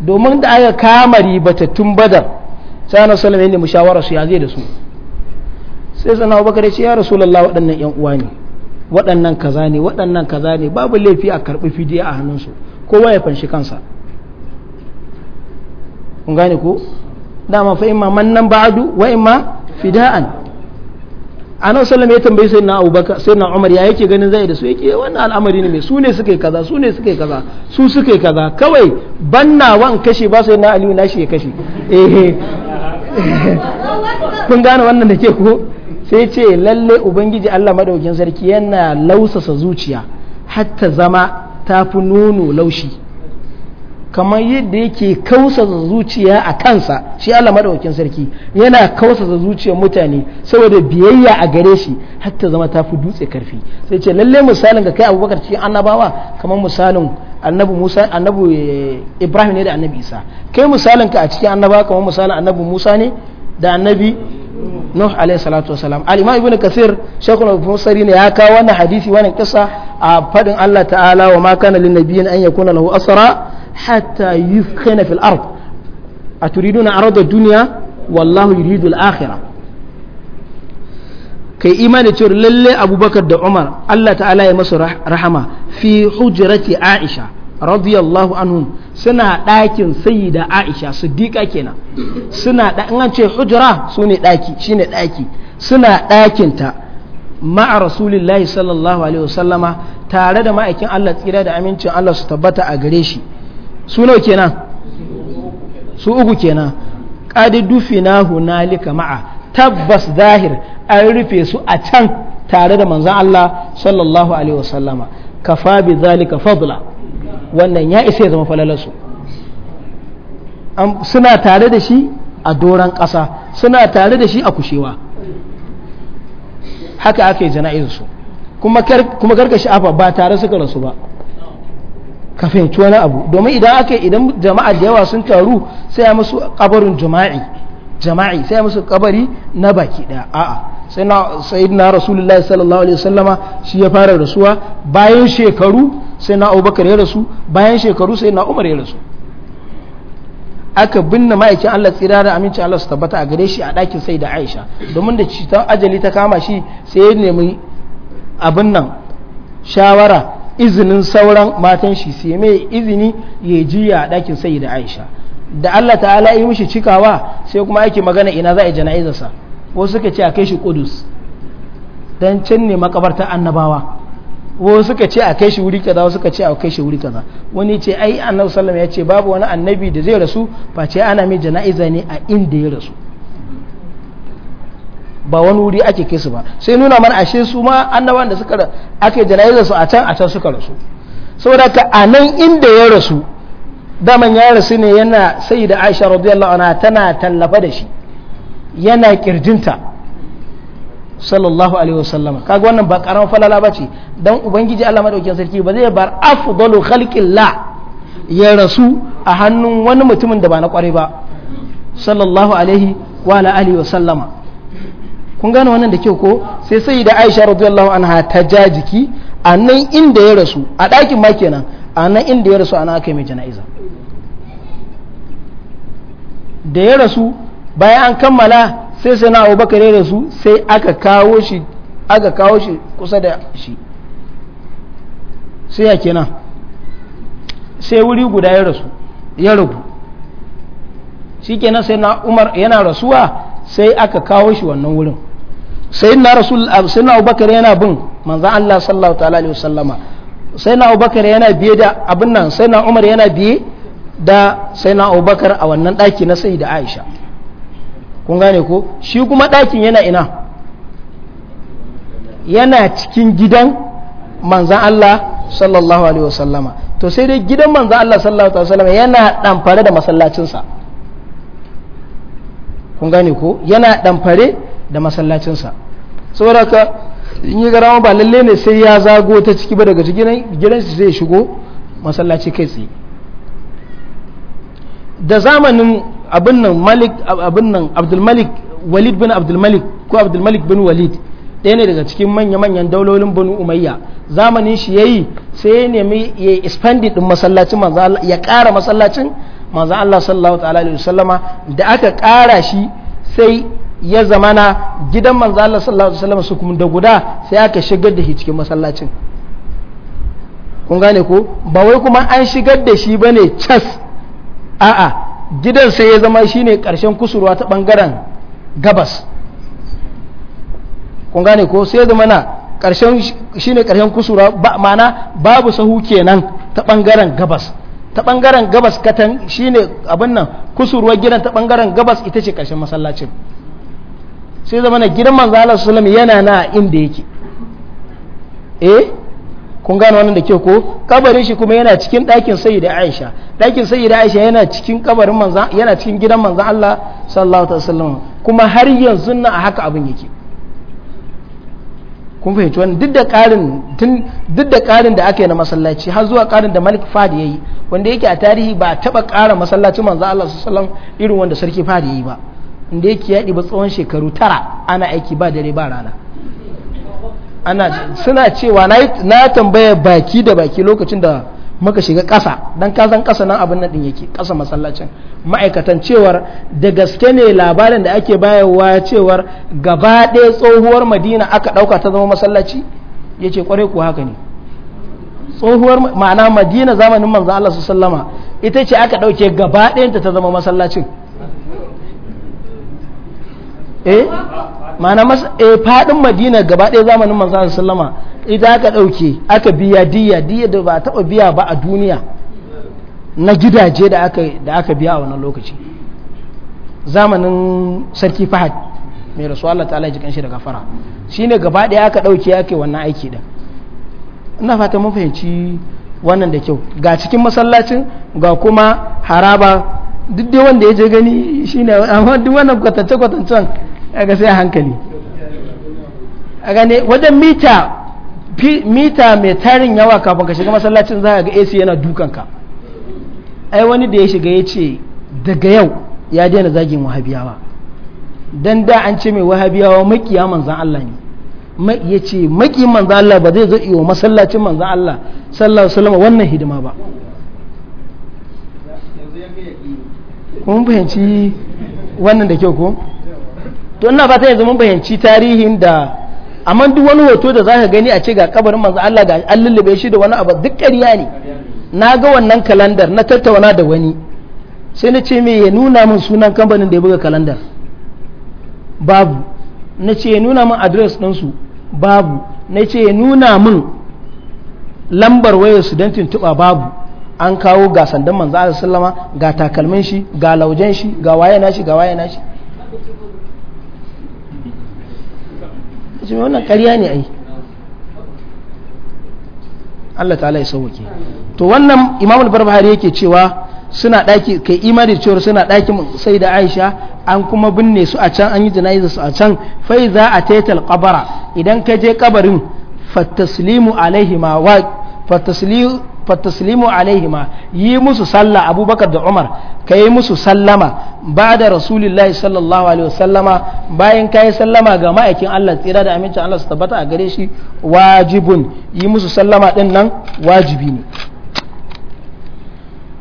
domin da aka kama ribatattun badar sai na sallama ne mu shawara su ya zai da su sai sana abubakar ya ce ya rasulullah waɗannan yan uwa ne waɗannan kaza ne waɗannan kaza ne babu laifi a karɓi fidiya a hannunsu kowa ya fanshi kansa kun gane ko dama fa imma mannan ba'adu wa imma fida'an anan sallama ya tambayi sai na abubakar sai na umar ya yake ganin zai da su yake wannan al'amari ne mai su ne suka yi kaza su ne suka yi kaza su suka yi kaza kawai banna wan kashe ba sai na aliyu na shi ya kashe eh, kun gane wannan da ke ko sai ce lalle ubangiji Allah madaukin sarki yana lausasa zuciya hatta zama ta fi nono laushi kamar yadda yake kausasa zuciya a kansa shi Allah madaukin sarki yana kausasa zuciyar mutane saboda biyayya a gare shi hatta zama ta fi dutse karfi sai ce lalle misalin ga kai abubakar cikin annabawa kamar misalin annabi Musa annabi Ibrahim ne da annabi Isa kai misalin ka a cikin annaba kamar misalin annabi Musa ne da annabi Nuh alaihi salatu wasalam al-Imam Ibn Kathir Sheikhul Musari ne ya kawo wannan hadisi wannan kissa a fadin Allah ta'ala wa ma kana lin nabiyyin an yakuna lahu asra hatta yufkhina fil ard aturiduna arada dunya wallahu yuridu al-akhirah kai imani cewar lalle abubakar da umar allah ta'ala ya masu rahama fi hujjarati aisha radiyallahu anhu suna ɗakin sayyida aisha siddiqa kenan suna in an ce hujra su ne ɗaki ɗaki suna ɗakin ta ma'a rasulillahi sallallahu alaihi wasallama tare da ma'aikin Allah tsira da amincin Allah su tabbata a gare shi su nawa kenan su uku kenan qad dufina hunalika ma'a tabbas zahir an rufe su a can tare da manzon Allah sallallahu alaihi wasallama kafa bi zalika fadla wannan ya isa ya zama falalarsu suna tare da shi a doron ƙasa suna tare da shi a kushewa haka aka yi su kuma karka sha'afa ba tare suka rasu ba ka fahimci wani abu domin idan aka idan jama'a da yawa sun taru sai ya musu kabarin jama'i jama'i sai ya musu kabari na baki daya a'a sai na sayyidina rasulullahi sallallahu alaihi wasallama shi ya fara rasuwa bayan shekaru sai na abubakar ya rasu bayan shekaru sai na umar ya rasu aka binne ma'aikin Allah tsira da amince Allah su tabbata a gare shi a ɗakin sai da Aisha domin da cutar ajali ta kama shi sai ya nemi abin nan shawara izinin sauran matan shi sai mai izini ya ya a ɗakin sai da Aisha da Allah ta'ala yi mishi cikawa sai kuma aiki magana ina za a jana'izarsa wasu suka ce a kai shi Kudus dan can ne makabartar annabawa wasu suka ce a kai shi wuri kaza wasu suka ce a kai shi wuri kaza wani ce ai annabi sallallahu ya ce babu wani annabi da zai rasu ba ce ana mai jana'iza ne a inda ya rasu ba wani wuri ake kai su ba sai nuna mana ashe su ma annaban da suka ake jana'iza su a can a can suka rasu saboda ka a nan inda ya rasu daman ya rasu ne yana sayyida Aisha radiyallahu anha tana tallafa da shi yana kirjinta sallallahu alaihi wasallama kaga wannan ba karamar falala ba ce dan ubangiji Allah madaukakin sarki ba zai bar afdalu khalqillah ya rasu a hannun wani mutumin da ba na kware ba sallallahu alaihi wa ala alihi wasallama kun gane wannan da kyau ko sai sai da Aisha radiyallahu anha ta ja jiki a nan inda ya rasu a ɗakin ma kenan a nan inda ya rasu ana aka mai jana'iza da ya rasu bayan an kammala sai sai na abubakar ya rasu sai aka kawo shi aka kawo shi kusa da shi sai ya nan sai wuri guda ya rasu ya rabu shi ke nan sai na umar yana rasuwa sai aka kawo shi wannan wurin sai na rasu sai na abubakar yana bin manzan allah sallallahu ta'ala alaihi wasallama sai na abubakar yana biye da abin nan sai na umar yana biye da sai na abubakar a wannan ɗaki na sai da aisha kun gane ko shi kuma ɗakin yana ina yana cikin gidan manzan Allah sallallahu alaihi wasallama to sai dai gidan manzan Allah sallallahu alaihi wasallama yana ɗamfare da masallacinsa kun gane ko yana ɗamfare da masallacinsa saboda ka in yi garama ba lalle ne sai ya zago ta ciki ba daga gidan shi zai shigo masallaci kai tsaye da zamanin abin nan malik abin nan abdulmalik walid bin abdulmalik ko abdulmalik bin walid ɗaya ne daga cikin manya-manyan daulolin banu umayya zamanin shi yayi sai ya nemi ya expandi din masallacin manzo ya ƙara masallacin manzo Allah sallallahu ta'ala alaihi wasallama da aka ƙara shi sai ya zamana gidan manzo Allah sallallahu alaihi wasallama su kuma da guda sai aka shigar da shi cikin masallacin kun gane ko ba wai kuma an shigar da shi bane cas a'a gidan sai ya zama shine karshen kusurwa ta bangaren gabas kun gane ko sai ya zama na karshen shine karshen kusurwa ba mana babu sahu kenan ta bangaren gabas ta bangaren gabas katan shine abin nan kusurwar gidan ta bangaren gabas ita ce karshen masallacin sai zama na gidan manzo Allah sallallahu alaihi wasallam yana na inda yake eh kun gane wannan da ke ko kabarin shi kuma yana cikin ɗakin da aisha ɗakin da aisha yana cikin kabarin manza yana cikin gidan manza Allah sallallahu alaihi wasallam kuma har yanzu nan a haka abin yake kun fahimci wannan duk da ƙarin duk da ƙarin da aka yi na masallaci har zuwa ƙarin da Malik ya yayi wanda yake a tarihi ba a taɓa ƙara masallacin manza Allah sallallahu alaihi wasallam irin wanda sarki ya yayi ba inda yake yaɗi ba tsawon shekaru tara ana aiki ba dare ba rana ana suna cewa na tambaya baki da baki lokacin da muka shiga ƙasa don kazan ƙasa nan abin nan ɗin yake ƙasa masallacin ma'aikatan cewar da gaske ne labarin da ake bayarwa cewar gaba ɗaya tsohuwar madina aka ɗauka ta zama masallaci ya ce ƙwarai ku haka ne tsohuwar ma'ana madina zamanin manzo Allah su sallama ita ce aka ɗauke gaba ɗayanta ta zama masallacin eh ma'ana eh, faɗin madina gaba ɗaya zamanin manzan sallama idan aka ɗauke aka biya diya diya da ba a taɓa biya ba a duniya na gidaje da aka biya a wannan lokaci zamanin sarki fahad mai rasu Allah ta'ala jikan shi daga fara shine gaba ɗaya aka ɗauke aka wannan aiki da ina fata mun fahimci wannan da kyau ga cikin masallacin ga kuma haraba duk dai wanda ya je gani shine amma duk wannan kwatance kwatancen aga sai hankali aga ne wajen mita mita mai tarin yawa kafin ka shiga masallacin za a ga AC yana dukanka ai wani da ya shiga ya ce daga yau ya daina zagin wahabiyawa dan da an ce mai wahabiyawa makiya manzan Allah ne ya ce maki manzan Allah ba zai zo iyo masallacin manzan Allah sallallahu alaihi wannan hidima ba kun fahimci wannan da kyau ko to ina fata yanzu mun bayanci tarihin da amma duk wani hoto da zaka gani a ce ga kabarin manzo Allah ga an lullube shi da wani abu duk ƙarya ne na ga wannan kalandar na tattauna da wani sai na ce me ya nuna min sunan kamfanin da ya buga kalandar babu na ce ya nuna min adres su babu na ce ya nuna min lambar wayar su don tuntuɓa babu an kawo ga sandan manzo Allah sallama ga takalmin shi ga laujen shi ga wayana shi ga wayana shi shi wannan karya ne ai Allah ta'ala ya sauke to wannan Imam al-Barbahari yake cewa suna daki kai imani cewa suna dakin sai da Aisha an kuma binne su a can an yi jana'izar su a can fa iza a al-qabra idan ka je kabarin fa taslimu alaihi ma wa Fattaslimu alaihima yi musu sallah abubakar da umar ka yi musu sallama ba da rasulillahi sallallahu alaihi wasallama bayan ka yi sallama ga ma'aikin allah tsira da amincin allah su tabbata a gare shi wajibun yi musu sallama din nan wajibi ne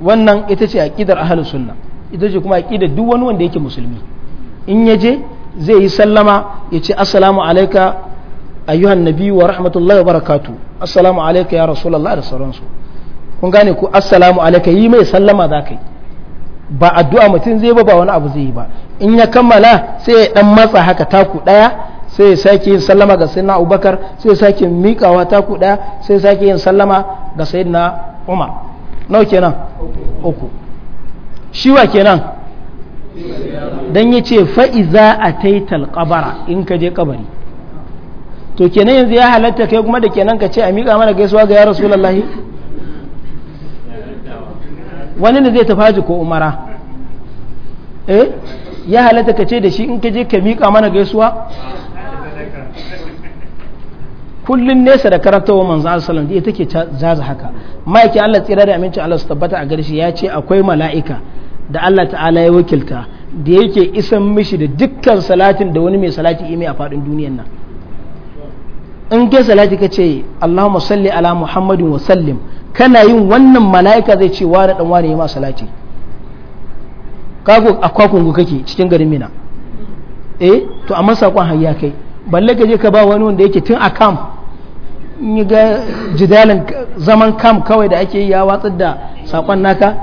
wannan ita ce aqidar ahlus sunna ita ce kuma aqidar duk wani wanda yake musulmi in ya je zai yi sallama ya ce assalamu alaika ayyuhan nabi wa rahmatullahi wa barakatuh assalamu alaika ya rasulullah da sauransu kun gane ku assalamu alaika yi mai sallama za ka yi ba addu'a mutum zai ba ba wani abu zai yi ba in ya kammala sai ya dan matsa haka taku daya sai ya sake yin sallama ga sayyidina Abubakar sai ya sake miƙawa taku daya sai ya sake yin sallama ga sayyidina Umar nawa kenan uku shi wa kenan dan yace fa iza ataital qabara in ka je kabari to kenan yanzu ya halatta kai kuma da kenan ka ce a miƙa mana gaisuwa ga ya rasulullahi wani ne zai tafaji ko umara eh ya halatta ka ce da shi in ka je ka miƙa mana gaisuwa kullun nesa da karantawa manzo Allah sallallahu alaihi wasallam take zaza haka ma'aikin Allah tsira da aminci Allah su tabbata a garshi ya ce akwai mala'ika da Allah ta'ala ya wakilta da yake isan mishi da dukkan salatin da wani mai salati mai a faɗin duniyan nan in ke salati ka ce Allahumma salli ala Muhammadin wa sallim kana yin wannan mala'ika zai ce wani dan wane ya ma salati kago akwakun ku kake cikin garin mina eh to amma sakon hayya kai balle ka je ka ba wani wanda yake tun a kam in ga jidalin zaman kam kawai da ake ya watsar da sakon naka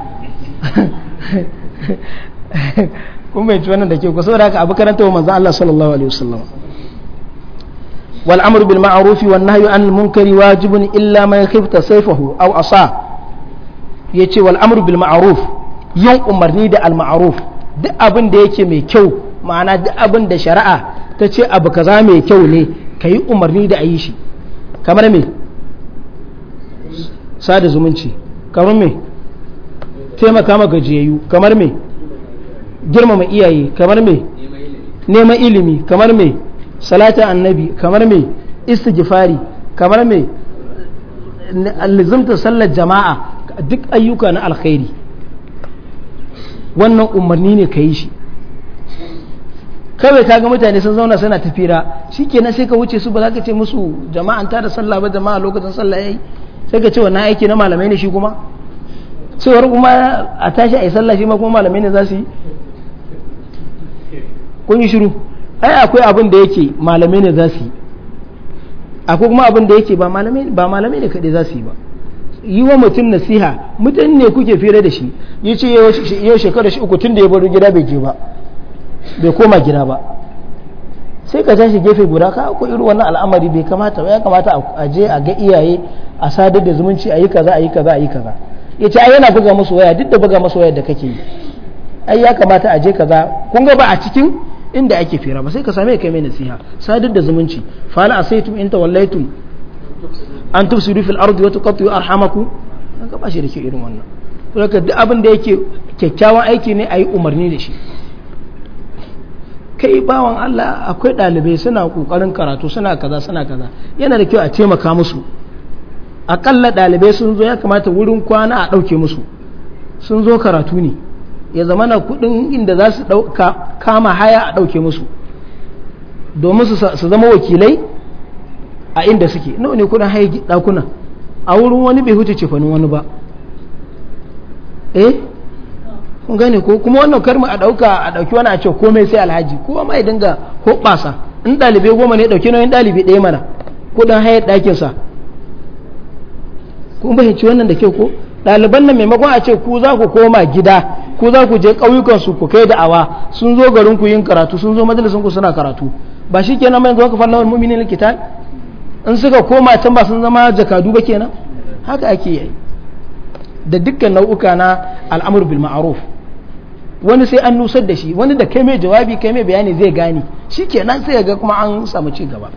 kuma bai ci wannan da ke ku saboda haka abu karanta wa manzo Allah sallallahu alaihi wasallam والأمر بالمعروف والنهي عن المنكر واجب إلا من خفت سيفه أو أصاه يتي والأمر بالمعروف yin umarni da almaruf duk abin da yake mai kyau ma'ana duk abin da shari'a ta ce abu kaza mai kyau ne ka yi umarni da a yi shi kamar me sada zumunci kamar me taimaka ma gajiyayyu kamar me girmama iyaye kamar me neman ilimi kamar me salatin annabi kamar me istighfari kamar me lizimta sallar jama'a duk ayyuka na alkhairi wannan umarni ne ka yi shi kawai kaga mutane sun zauna suna tafira shikenan sai ka wuce su ba za ka ce musu jama'an ta da sallah ba jama'a lokacin sallah yi sai ka ce wannan aiki na malamai ne shi kuma cewar kuma a tashi a yi sallah shi ma kuma malamai ne za su yi kun yi shiru ai akwai abin da yake malamai ne za su yi akwai kuma abin da yake ba malamai ne kaɗai za su yi ba yi wa mutum nasiha mutane ne kuke fira da shi yi ce yau shekara shi uku tun da ya baro gida bai je ba bai koma gida ba sai ka tashi gefe guda ka ko irin wannan al'amari bai kamata ya kamata a je a ga iyaye a sadar da zumunci a yi kaza a yi kaza a yi kaza ya ce ai yana buga musu waya duk da buga musu waya da kake yi ai ya kamata a je kaza kun ga ba a cikin inda ake fira ba sai ka same kai mai nasiha sadar da zumunci fala asaitum in tawallaitum an tufsidu fil ardi wa tuqatu arhamakum an ka bashi da ke irin wannan saboda duk abin da yake kyakkyawan aiki ne ayi umarni da shi kai bawan Allah akwai ɗalibai suna kokarin karatu suna kaza suna kaza yana da kyau a taimaka musu akalla ɗalibai sun zo ya kamata wurin kwana a ɗauke musu sun zo karatu ne ya zama na kudin inda za su kama haya a ɗauke musu domin su zama wakilai a inda suke nawa ne kudin haya ɗakuna a wurin wani bai huce cefanin wani ba eh kun gane ko kuma wannan karmi a ɗauka a ɗauki wani a ce komai sai alhaji kowa ma ya dinga hoɓasa in ɗalibai goma ne ɗauki nauyin ɗalibi ɗaya mana kudin haya ɗakinsa kun fahimci wannan da kyau ko ɗaliban nan maimakon a ce ku za ku koma gida ko za ku je ƙauyukansu ku kai da'awa sun zo garin ku yin karatu sun zo majalisun ku suna karatu ba shi kenan mai zuwa ka lawan mumini na in suka koma can ba sun zama jakadu ba kenan haka ake yi da dukkan nau'uka na al'amur bil ma'ruf wani sai an nusar da shi wani da kai mai jawabi kai mai bayani zai gane shi kenan sai ga kuma an samu ci gaba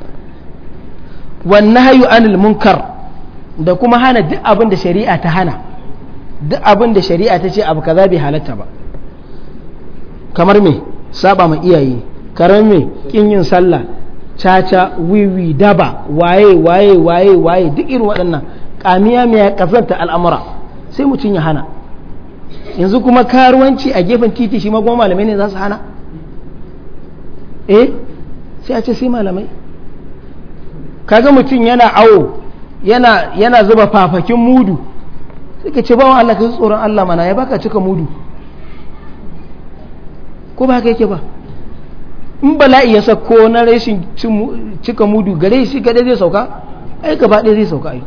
wannan hayu anil munkar da kuma hana duk abin da shari'a ta hana duk abin da shari'a ta ce abu kaza bai halatta ba kamar me saba ma iyaye karar me kin yin sallah caca wiwi daba waye waye waye waye duk irin waɗannan kamiya mai ya kasanta al'amura sai mutum ya hana yanzu kuma karuwanci a gefen titi shi kuma malamai ne za su hana eh sai a ce sai malamai kaga mutum yana awo yana zuba fafakin mudu suke ce bawan Allah ka tsoron Allah mana ya baka cika mudu ko ba haka yake ba in bala'i ya sako na rashin cika mudu gare shi kadai zai sauka ai gaba ɗaya zai sauka ai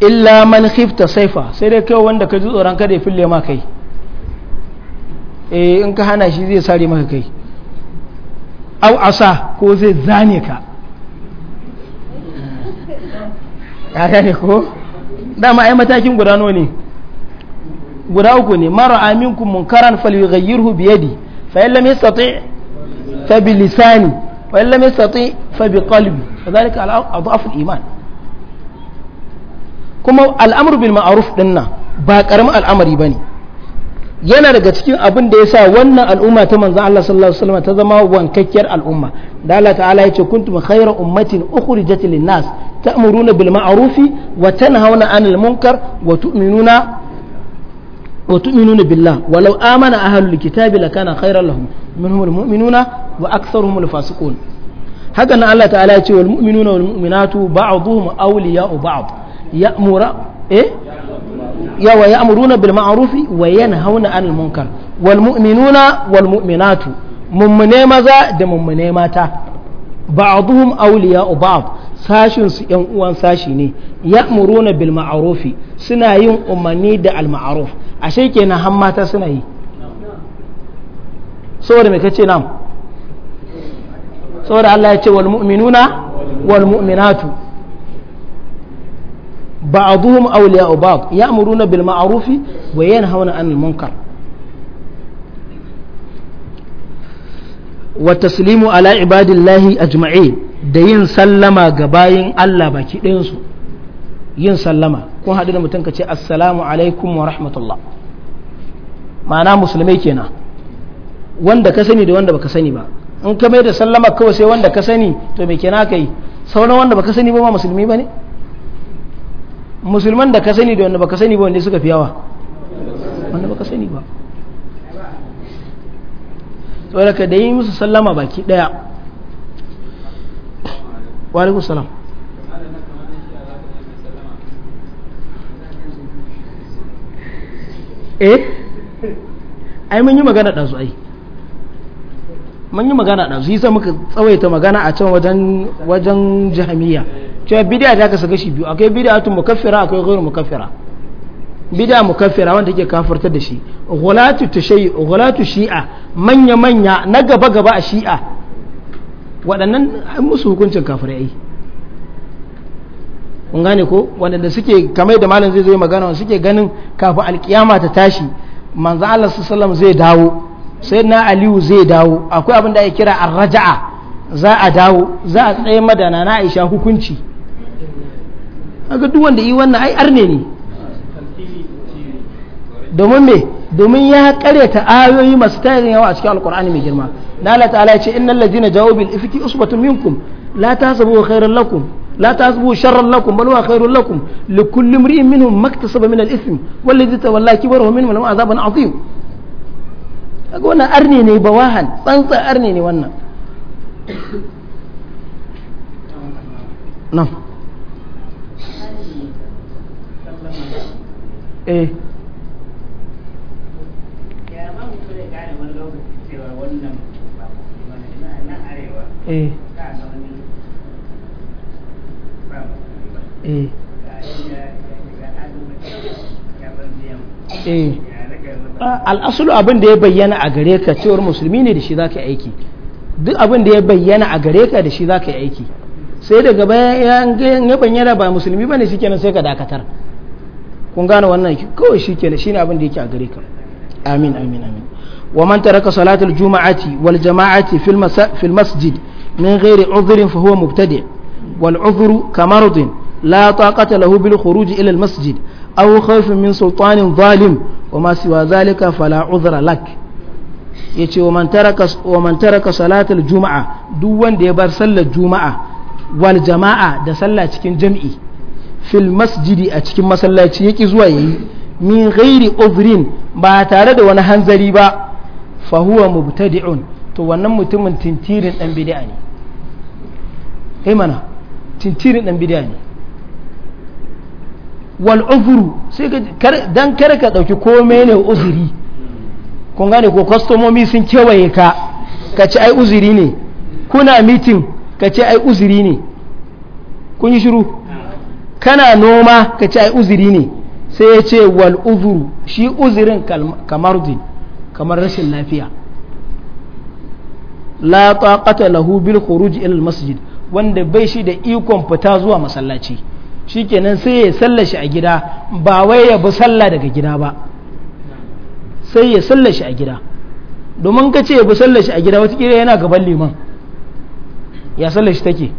illa man khifta saifa sai dai kai wanda ka ji tsoron kada ya fille ma kai eh in ka hana shi zai sare maka kai au asa ko zai zane ka ya gane ko dama ai matakin guda nawa ne guda uku ne mara aminkum munkaran falyughayyirhu bi yadi fa yastati fa bi lisani wa yastati fa bi qalbi al-adhaf al-iman kuma al'amru bil ma'ruf dinna ba karamin al'amari bane yana daga cikin abin da ya sa wannan al'umma ta manzan Allah sallallahu alaihi wasallam ta zama wankakkiyar al'umma da Allah ta'ala ya ce kuntum khayra ummatin ukhrijat lin-nas ta'muruna bil ma'rufi wa tanhauna 'anil munkar wa tu'minuna wa tu'minuna billah walau amana ahlul kitabi lakana khayran lahum minhum al-mu'minuna wa aktharuhum al-fasiqun haka nan Allah ta'ala ya ce wal mu'minuna wal mu'minatu ba'dhum awliya'u ba'd ya'muru eh yawa ya amuruna bil ma'rufi wa yanhauna anil munkar wal mu'minuna wal mu'minatu mummune maza da mummune mata ba'dhum awliya'u ba'd sashin su yan uwan sashi ne ya'muruna bil ma'rufi suna yin umarni da al ma'ruf ashe kenan har mata suna yi saboda me kace nam saboda Allah ya ce wal mu'minuna wal mu'minatu بعضهم أولياء بعض يأمرون بالمعروف وينهون عن المنكر والتسليم على عباد الله أجمعين da yin sallama ga bayin Allah baki ɗayansu yin sallama kun haɗu da mutum ka ce assalamu alaikum wa rahmatullah ma'ana musulmai kenan wanda ka sani da wanda baka sani ba in ka da sallama kawai sai wanda ka sani to me kenan ka yi sauran wanda baka sani ba ma musulmi ba musulman da ka sani da wanda baka sani ba wanda suka fi yawa wanda baka sani ba saboda ka da yi musu sallama baki daya wa salam eh ai mun yi magana ɗansu ai mun yi magana ɗansu yi sa muka tsawaita magana a can wajen jihamiya cewa bid'a ta kasa gashi biyu akwai bid'atu mukaffira akwai ghairu mukaffira bid'a mukaffira wanda take kafartar da shi ghulatu tashay ghulatu shi'a manya manya na gaba gaba a shi'a waɗannan an musu hukuncin kafirai kun gane ko waɗanda suke kamar da malam zai zo magana suke ganin kafin alkiyama ta tashi manzo Allah sallallahu zai dawo sai na aliyu zai dawo akwai abin da ake kira arraja'a za a dawo za a tsaye madana na aisha hukunci kaga duk wanda yi wannan ai arne ne domin me domin ya karyata ayoyi masu tayin yawa a cikin alkur'ani mai girma na Allah ta'ala ya ce innal ladina jawo bil ifki usbatun minkum la tahsabu khairan lakum لا تحسبوا شرا لكم بل هو خير لكم لكل امرئ منهم ما اكتسب من الاثم والذي تولى كبره منهم له عذاب عظيم أقول أرني ني بواهن تنسى أرني ني وانا نعم al'asulu abin da ya bayyana a gare ka cewar musulmi ne da shi za ka aiki duk abin da ya bayyana a gare ka da shi za ka aiki sai daga bayan ya bayyana ba musulmi ba ne shi kenan sai ka dakatar kun gane wannan kawai shi kenan shine abin da yake a gare ka amin amin amin wa man taraka salatul juma'ati wal jama'ati fil masjid min ghairi udhrin fa huwa mubtadi' wal udhru kamarudin la taqata lahu bil khuruj ila al masjid aw khawfin min sultanin zalim wa ma siwa zalika fala udhra lak yace wa man taraka wa man taraka juma'a duk wanda ya bar sallar juma'a wal jama'a da sallah cikin jam'i fil masjidi a cikin masallaci ƙi zuwa yayi min ghairi uzrin ba tare da wani hanzari ba fa huwa mubtadi'un to wannan mutumin tintirin dan bid'a ne kai mana tintirin dan bid'a ne wal uzru sai dan kar ka dauki komai ne uzuri kun gane ko kwastomomi sun kewaye ka ka ci ai uzuri ne kuna mitin ka ce ai uzuri ne kun yi shiru kana noma ka ce ai uzuri ne sai ya ce wal uzuru shi uzurin kamar din kamar rashin lafiya la taqata lahu bil khuruj ila al masjid wanda bai shi da ikon fita zuwa masallaci shikenan sai ya sallashi a gida ba wai ya bi sallah daga gida ba sai ya sallashi a gida domin ka ce ya bi sallashi a gida wata yana gaban liman ya sallashi take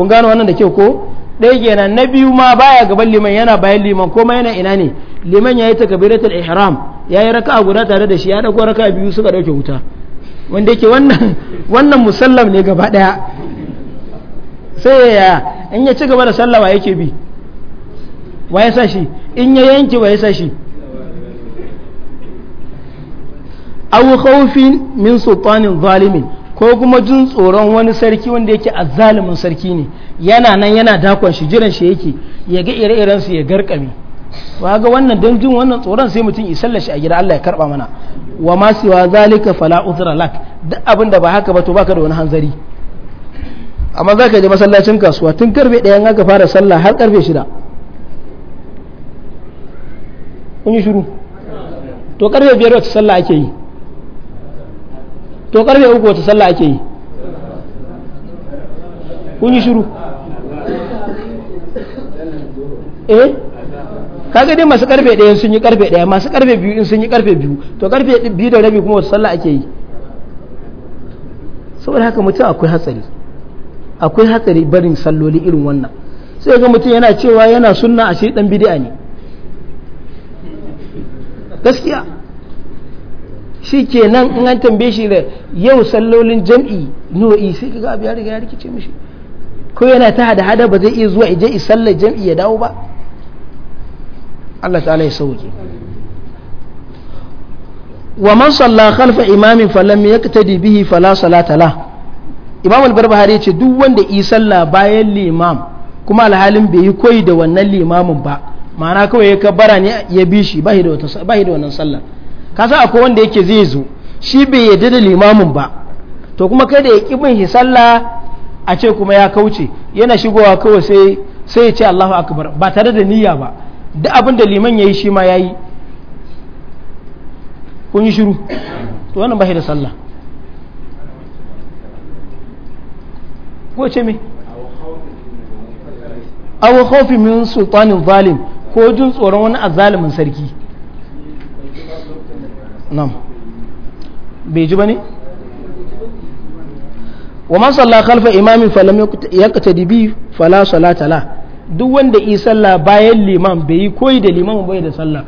kun gano wannan da kyau ko ɗaya kenan na biyu ma baya gaban liman yana bayan liman ma yana ina ne liman ya yi ta takabiratul ihram ya yi raka'a guda tare da shi ya ɗauko raka biyu suka ɗauke wuta wanda yake wannan wannan musallam ne gaba ɗaya sai ya yaya in ya ci gaba da sallah yake bi wa ya sa in ya yanke wa ya sa shi khawfin min sultanin zalimin ko kuma jin tsoron wani sarki wanda yake azzalumin sarki ne yana nan yana dakon shi jiran shi yake ya ga ire-iren su ya garkame wa ga wannan don jin wannan tsoron sai mutum ya sallar shi a gida Allah ya karba mana wa ma siwa zalika fala uzra lak duk abin da ba haka ba to baka da wani hanzari amma zaka je masallacin kasuwa tun karfe 1 aka fara sallah har karfe 6 kun yi shiru to karfe 5 wata sallah ake yi to karfe uku wata sallah ake yi kun yi shiru eh kaga dai masu karfe ɗaya sun yi karfe ɗaya masu karfe biyu in sun yi karfe biyu to karfe biyu da rabi kuma wata sallah ake yi saboda haka mutum akwai hatsari akwai hatsari barin salloli irin wannan sai ga mutum yana cewa yana sunna a shi dan bid'a ne gaskiya shi kenan in an tambaye shi da yau sallolin jam'i nawa'i sai ga abu ya riga ya rikice mishi ko yana ta hada hada ba zai iya zuwa ije sallar jam'i ya dawo ba Allah ta'ala ya sauke wa man salla khalfa imamin falam yaktadi bihi fala salata la imam al-barbahari yace duk wanda yi salla bayan limam kuma alhalin bai yi koyi da wannan limamin ba ma'ana kawai ya kabara ne ya bi shi ba da wannan sallah ka san akwai wanda yake zai zo shi bai yadda da limamin ba to kuma kai da ya ƙi bin sallah a ce kuma ya kauce yana shigowa kawai sai sai ya ce Allahu akbar ba tare da niyya ba duk abin da liman yayi shi ma yayi kun yi shiru to wannan ba da sallah ko ce me aw khawfi min sultanin zalim ko jin tsoron wani azalimin sarki nan bai ji ba ne wa man salla khalfa imamin falam yaqtadi bi fala salata duk wanda yi sallah bayan liman bai yi koyi da liman bai da sallah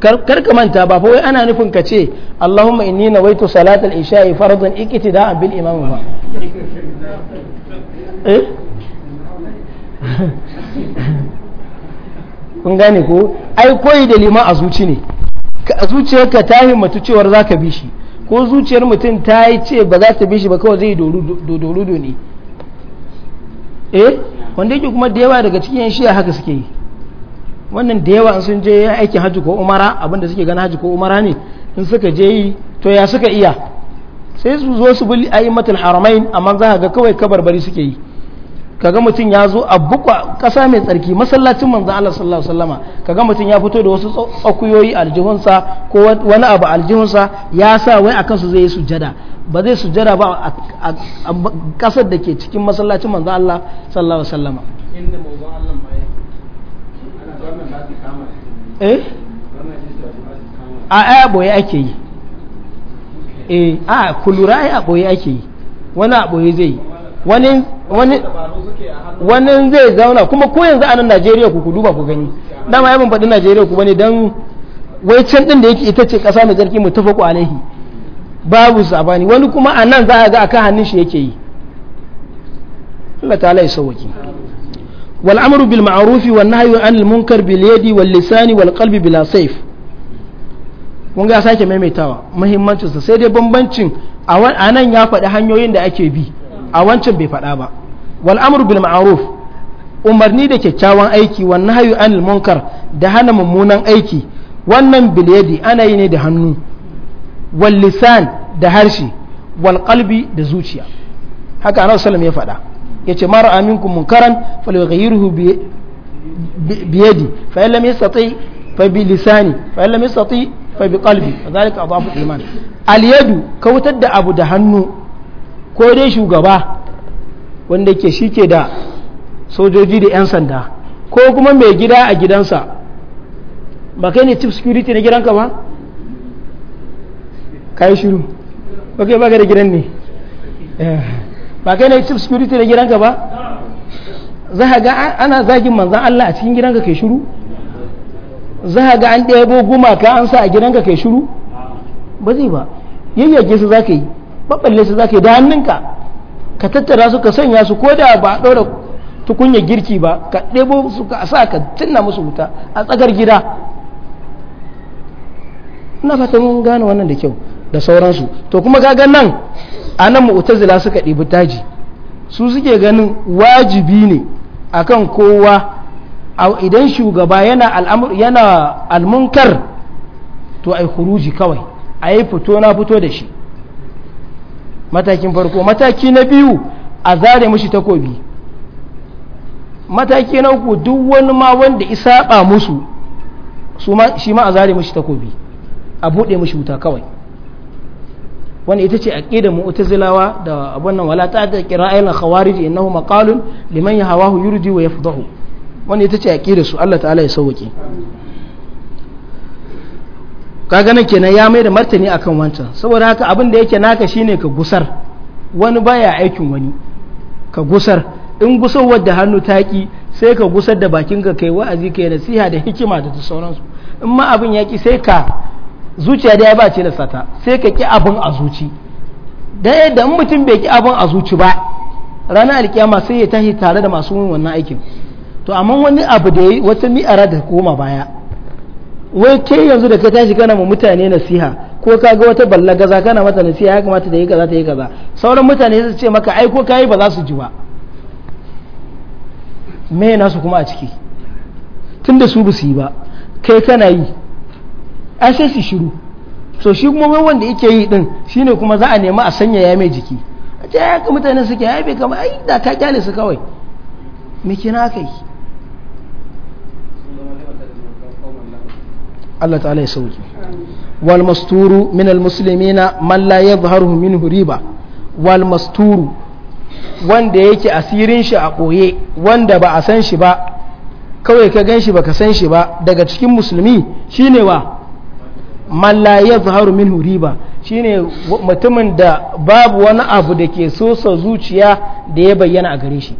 kar ka manta ba fa wai ana nufin ka ce Allahumma inni nawaitu salatal isha'i fardan iqtida'an bil imam ba eh kun gane ko ai koyi da liman a zuci ne ka zuciyarka ta himmatu cewar za ka bi shi ko zuciyar mutum ta yi ce ba za ta bi shi ba kawai zai do ne eh wanda yake kuma da yawa daga cikin shiya haka suke yi wannan da yawa sun je aikin hajji ko umara abinda suke gana hajji ko umara ne in suka je yi to ya suka iya sai su zo su bi ayi matul haramain amma za ga kawai kabarbari suke yi kaga mutum ya zo a bukwa ƙasa mai tsarki masallacin manzo Allah sallallahu alaihi wasallama kaga mutum ya fito da wasu tsakuyoyi aljihunsa ko wani abu aljihunsa ya sa wai a kansu zai yi sujada ba zai sujada ba a ƙasar da ke cikin masallacin manzo Allah sallallahu alaihi wasallama inda Allah eh a aya boye ake yi eh a kulura ai a boye ake yi wani a boye zai yi wani zai zauna kuma ko yanzu a nan Najeriya ku duba ku gani dama ya ban faɗi Najeriya ku bane don wai can din da yake ita ce ƙasa mai tsarki ku alaihi babu sabani wani kuma a nan za a ga akan hannun shi yake yi Allah ta'ala ya sauwaki wal amru bil ma'ruf wan nahyu anil munkar bil yadi wal lisani wal qalbi bila sayf kun ga sake maimaitawa muhimmancin sai dai bambancin a nan ya faɗi hanyoyin da ake bi a wancan bai faɗa ba wal amru bil ma'ruf umarni da kyakkyawan aiki wa nahyu anil munkar da hana mummunan aiki wannan bil yadi ana yi ne da hannu wal lisan da harshe wal qalbi da zuciya haka annabi sallallahu ya faɗa yace mara aminkum munkaran falyughayyirhu bi yadi fa illam yastati fa bi lisani fa illam yastati fa bi qalbi wa dhalika adhafu al iman al yadu kautar da abu da hannu ko dai shugaba wanda ke shi ke da sojoji da 'yan sanda ko kuma mai gida a gidansa ba kai ne chief security na gidanka ba ka yi shiru ba kai ba da gidan ne eh, ba kai ne chief security na gidanka ba za ga ana zagin manzan Allah a cikin gidanka kai shiru za ga an ɗaya bo gumaka an sa a gidanka kai shiru ba zai ba yayyage su za ka yi baballe su zaka da hannunka ka tattara su ka sanya su ko da ba ɗora tukunya girki ba ka ɗebo su ka sa ka tunna musu wuta a tsakar gida ina fata mun gane wannan da kyau da sauransu to kuma kaga nan a nan mu'tazila suka ɗibi taji su suke ganin wajibi ne akan kowa idan shugaba yana yana almunkar to ai huruji kawai a yi fito na fito da shi matakin farko mataki na biyu a zare mushi takobi mataki na uku duk wani ma wanda isa ba musu shi ma a zare mushi takobi a buɗe mushi wuta kawai wani ita ce aqidar mu'tazilawa da abun nan wala ta da qira'il khawarij innahu maqalun liman yahawahu yurdi wa yafdahu wani ita ce aqidar su Allah ta'ala ya sauke ka ganin kenan ya mai da martani akan wancan saboda haka abin da yake naka shine ka gusar wani baya aikin wani ka gusar in gusar da hannu taki sai ka gusar da bakin ka kai wa'azi kai nasiha da hikima da sauransu in ma abin ya ki sai ka zuciya da ya ba ce da sata sai ka ki abin a zuci da yadda in mutum bai ki abin a zuci ba ranar alkiyama sai ya tahi tare da masu wannan aikin to amma wani abu da ya yi wata mi'ara da koma baya wai ke yanzu da ka tashi kana ma mutane nasiha ko ka ga wata balla gaza kana mata nasiha ya kamata ta yi kaza ta yi kaza sauran mutane su ce maka ai ko kayi ba za su ji ba me na su kuma a ciki tun da su ba su yi ba kai kana yi a sai su shiru so shi kuma wai wanda yake yi din shine kuma za a nema a sanya ya mai jiki a ce ya mutane suke ai bai kama ai da ka kyale su kawai me kina kai Allah ta'ala ya sauki wal masturu min al muslimina man la yadhharu minhu riba wal masturu wanda yake asirin shi a ɓoye wanda ba a san shi ba kawai ka gan shi san shi ba daga cikin musulmi shine wa man la yadhharu minhu riba shine mutumin da babu wani abu da ke sosa zuciya da ya bayyana a gare shi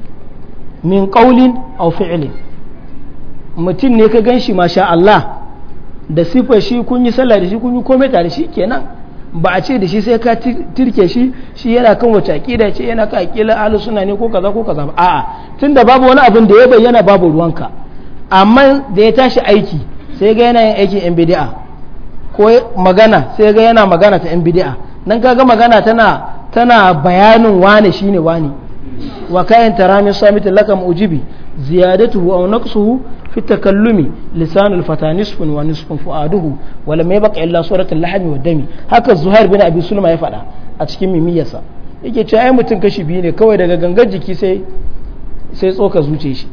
min qaulin aw fi'lin mutum ne ka gan shi masha Allah da sifar shi kun yi sallah da shi kun yi komai tare shi kenan ba a ce da shi sai ka tirke shi shi yana kan wace aqida ce yana kan aqila ahlus sunna ne ko kaza ko kaza ba a tunda babu wani abin da ya bayyana babu ruwanka amma da ya tashi aiki sai ga yana yin aikin yan bid'a ko magana sai ga yana magana ta yan bid'a nan kaga magana tana tana bayanin wane shine wane wa kayan ramin sami samitin lakam ujibi ziyadatuhu aw naqsuhu fi takallumi lisan al fata nisfun wa nisfun fuaduhu wa lam illa surat al lahmi wa dami haka zuhair bin abi sulma ya fada a cikin mimiyarsa yake cewa ai mutum kashi biyu ne kawai daga gangan jiki sai sai tsoka zuce shi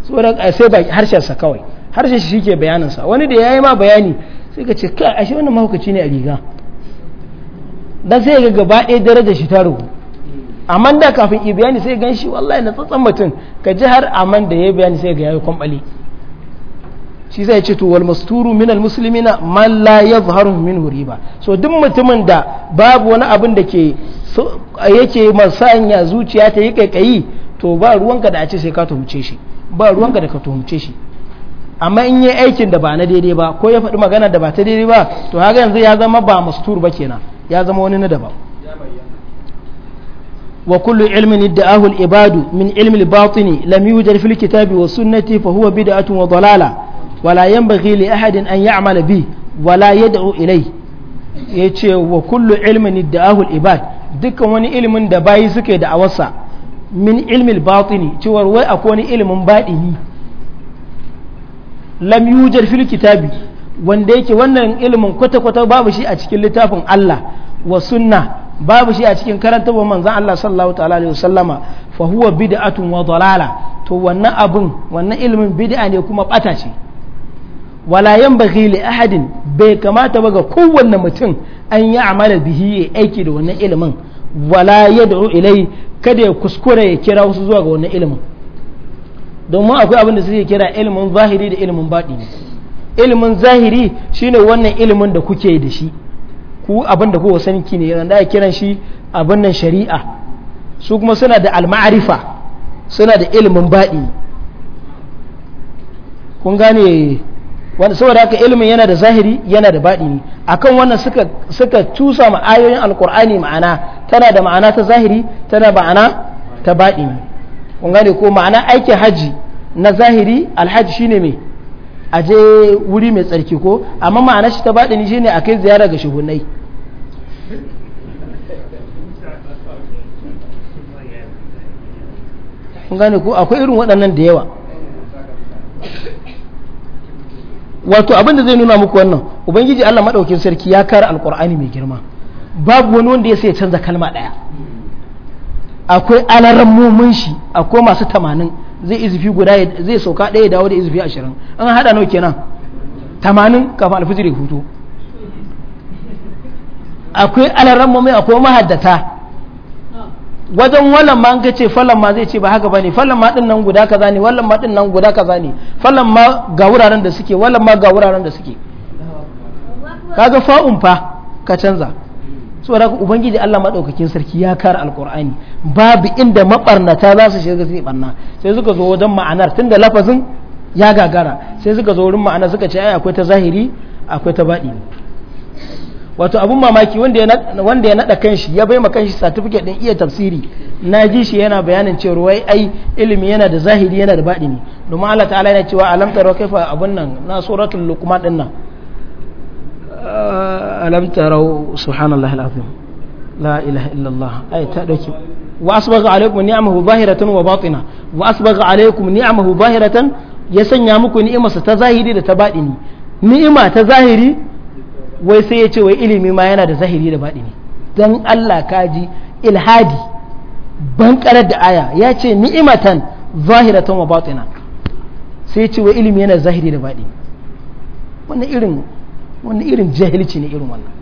sai ba sa kawai harshen shi shike bayaninsa wani da ya yi ma bayani sai ka ce kai ashe wannan mahaukaci ne a riga dan sai ga gaba ɗaya darajar shi ta rubu amanda da kafin yi bayani sai gan shi wallahi na tsatsan mutum ka ji har amman da ya bayani sai ga yayi kwambali shi zai ce to wal masturu minal muslimina man la yadhharu min riba so duk mutumin da babu wani abin da ke yake masanya zuciya ta yi kaikayi to ba ruwanka da a ce sai ka tuhumce shi ba ruwanka da ka tuhumce shi amma in yi aikin da ba na daidai ba ko ya faɗi magana da ba ta daidai ba to haka yanzu ya zama ba mastur ba kenan ya zama wani na daban وكل علم ادعاه العباد من علم الباطن لم يوجد في الكتاب والسنة فهو بدعة وضلالة ولا ينبغي لأحد أن يعمل به ولا يدعو إليه yace wa kullu ilmin idda'ahu al-ibad dukkan wani ilimin da bayi suke da awasa min ilmil batini cewar wai akwai wani ilimin baɗini lam yujar fil kitabi wanda yake wannan ilmin kwata-kwata babu shi a cikin littafin Allah wa sunna babu shi a cikin karanta wa manzan Allah sallallahu ta'ala alaihi sallama fa huwa bid'atun wa dalala to wannan abun wannan ilimin bid'a ne kuma bata ce walayen yanbaghi li ahadin bai kamata ba ga kowanne mutum an yi amala bihi ya aiki da wannan ilimin wala yad'u ilai kada ya kuskura ya kira wasu zuwa ga wannan ilimin domin akwai abin da suke kira ilimin zahiri da ilimin baɗi ilimin zahiri shine wannan ilimin da kuke da shi ku abin da kowa sani ki ne da ya kiran shi abin nan shari'a su kuma suna da alma'arifa suna da ilimin baɗi kun gane wanda saboda haka ilimin yana da zahiri yana da baɗi ne akan wannan suka suka tusa ma ayoyin alkur'ani ma'ana tana da ma'ana ta zahiri tana ma'ana ta baɗi ne kun gane ko ma'ana aikin haji na zahiri alhaji shine me a je wuri mai tsarki ko amma ma'ana shi ta ni shine a kai ziyara ga shugunai kun gane ko akwai irin waɗannan da yawa wato abin da zai nuna muku wannan ubangiji Allah maɗaukin sarki ya kara alƙur'ani mai girma babu wani wanda ya sai canza kalma ɗaya akwai alarammomin shi akwai masu tamanin zai izifi guda zai sauka ɗaya dawo da izifi ashirin an haɗa nau kenan tamanin kafin alfijir ya hutu akwai alarar mai akwai mahaddata wajen wallan ma an ka ce fallan ma zai ce ba haka bane fallan ma din nan guda kaza ne wallan ma din nan guda kaza ne fallan ma ga wuraren da suke wallan ma ga wuraren da suke kaga fa'un fa ka canza saboda ku ubangiji Allah madaukakin sarki ya kare alqur'ani babu inda mabarnata za su shiga su barna sai suka zo wajen ma'anar tunda lafazin ya gagara sai suka zo wurin ma'ana suka ce ai akwai ta zahiri akwai ta baɗi wato abun mamaki wanda ya naɗa kanshi ya bai kanshi certificate din iya tafsiri na ji shi yana bayanin cewa wai ai ilimi yana da zahiri yana da baɗi ne domin Allah ta'ala yana cewa alam tara kaifa abun nan na suratul luqman din nan alam tarau subhanallahi alazim la ilaha allah ay ta dauki wa asbagha alaykum ni'amahu zahiratan wa batina wa asbagha alaykum ni'amahu zahiratan ya sanya muku ni'imarsa ta zahiri da ta batini ni'ima ta zahiri wai sai ya ce wai ilimi ma yana da zahiri da batini dan Allah kaji ilhadi ban karar da aya ya ce ni'imatan zahiratan wa batina sai ya ce wai ilimi yana zahiri da batini wannan irin wannan irin jahilci ne irin wannan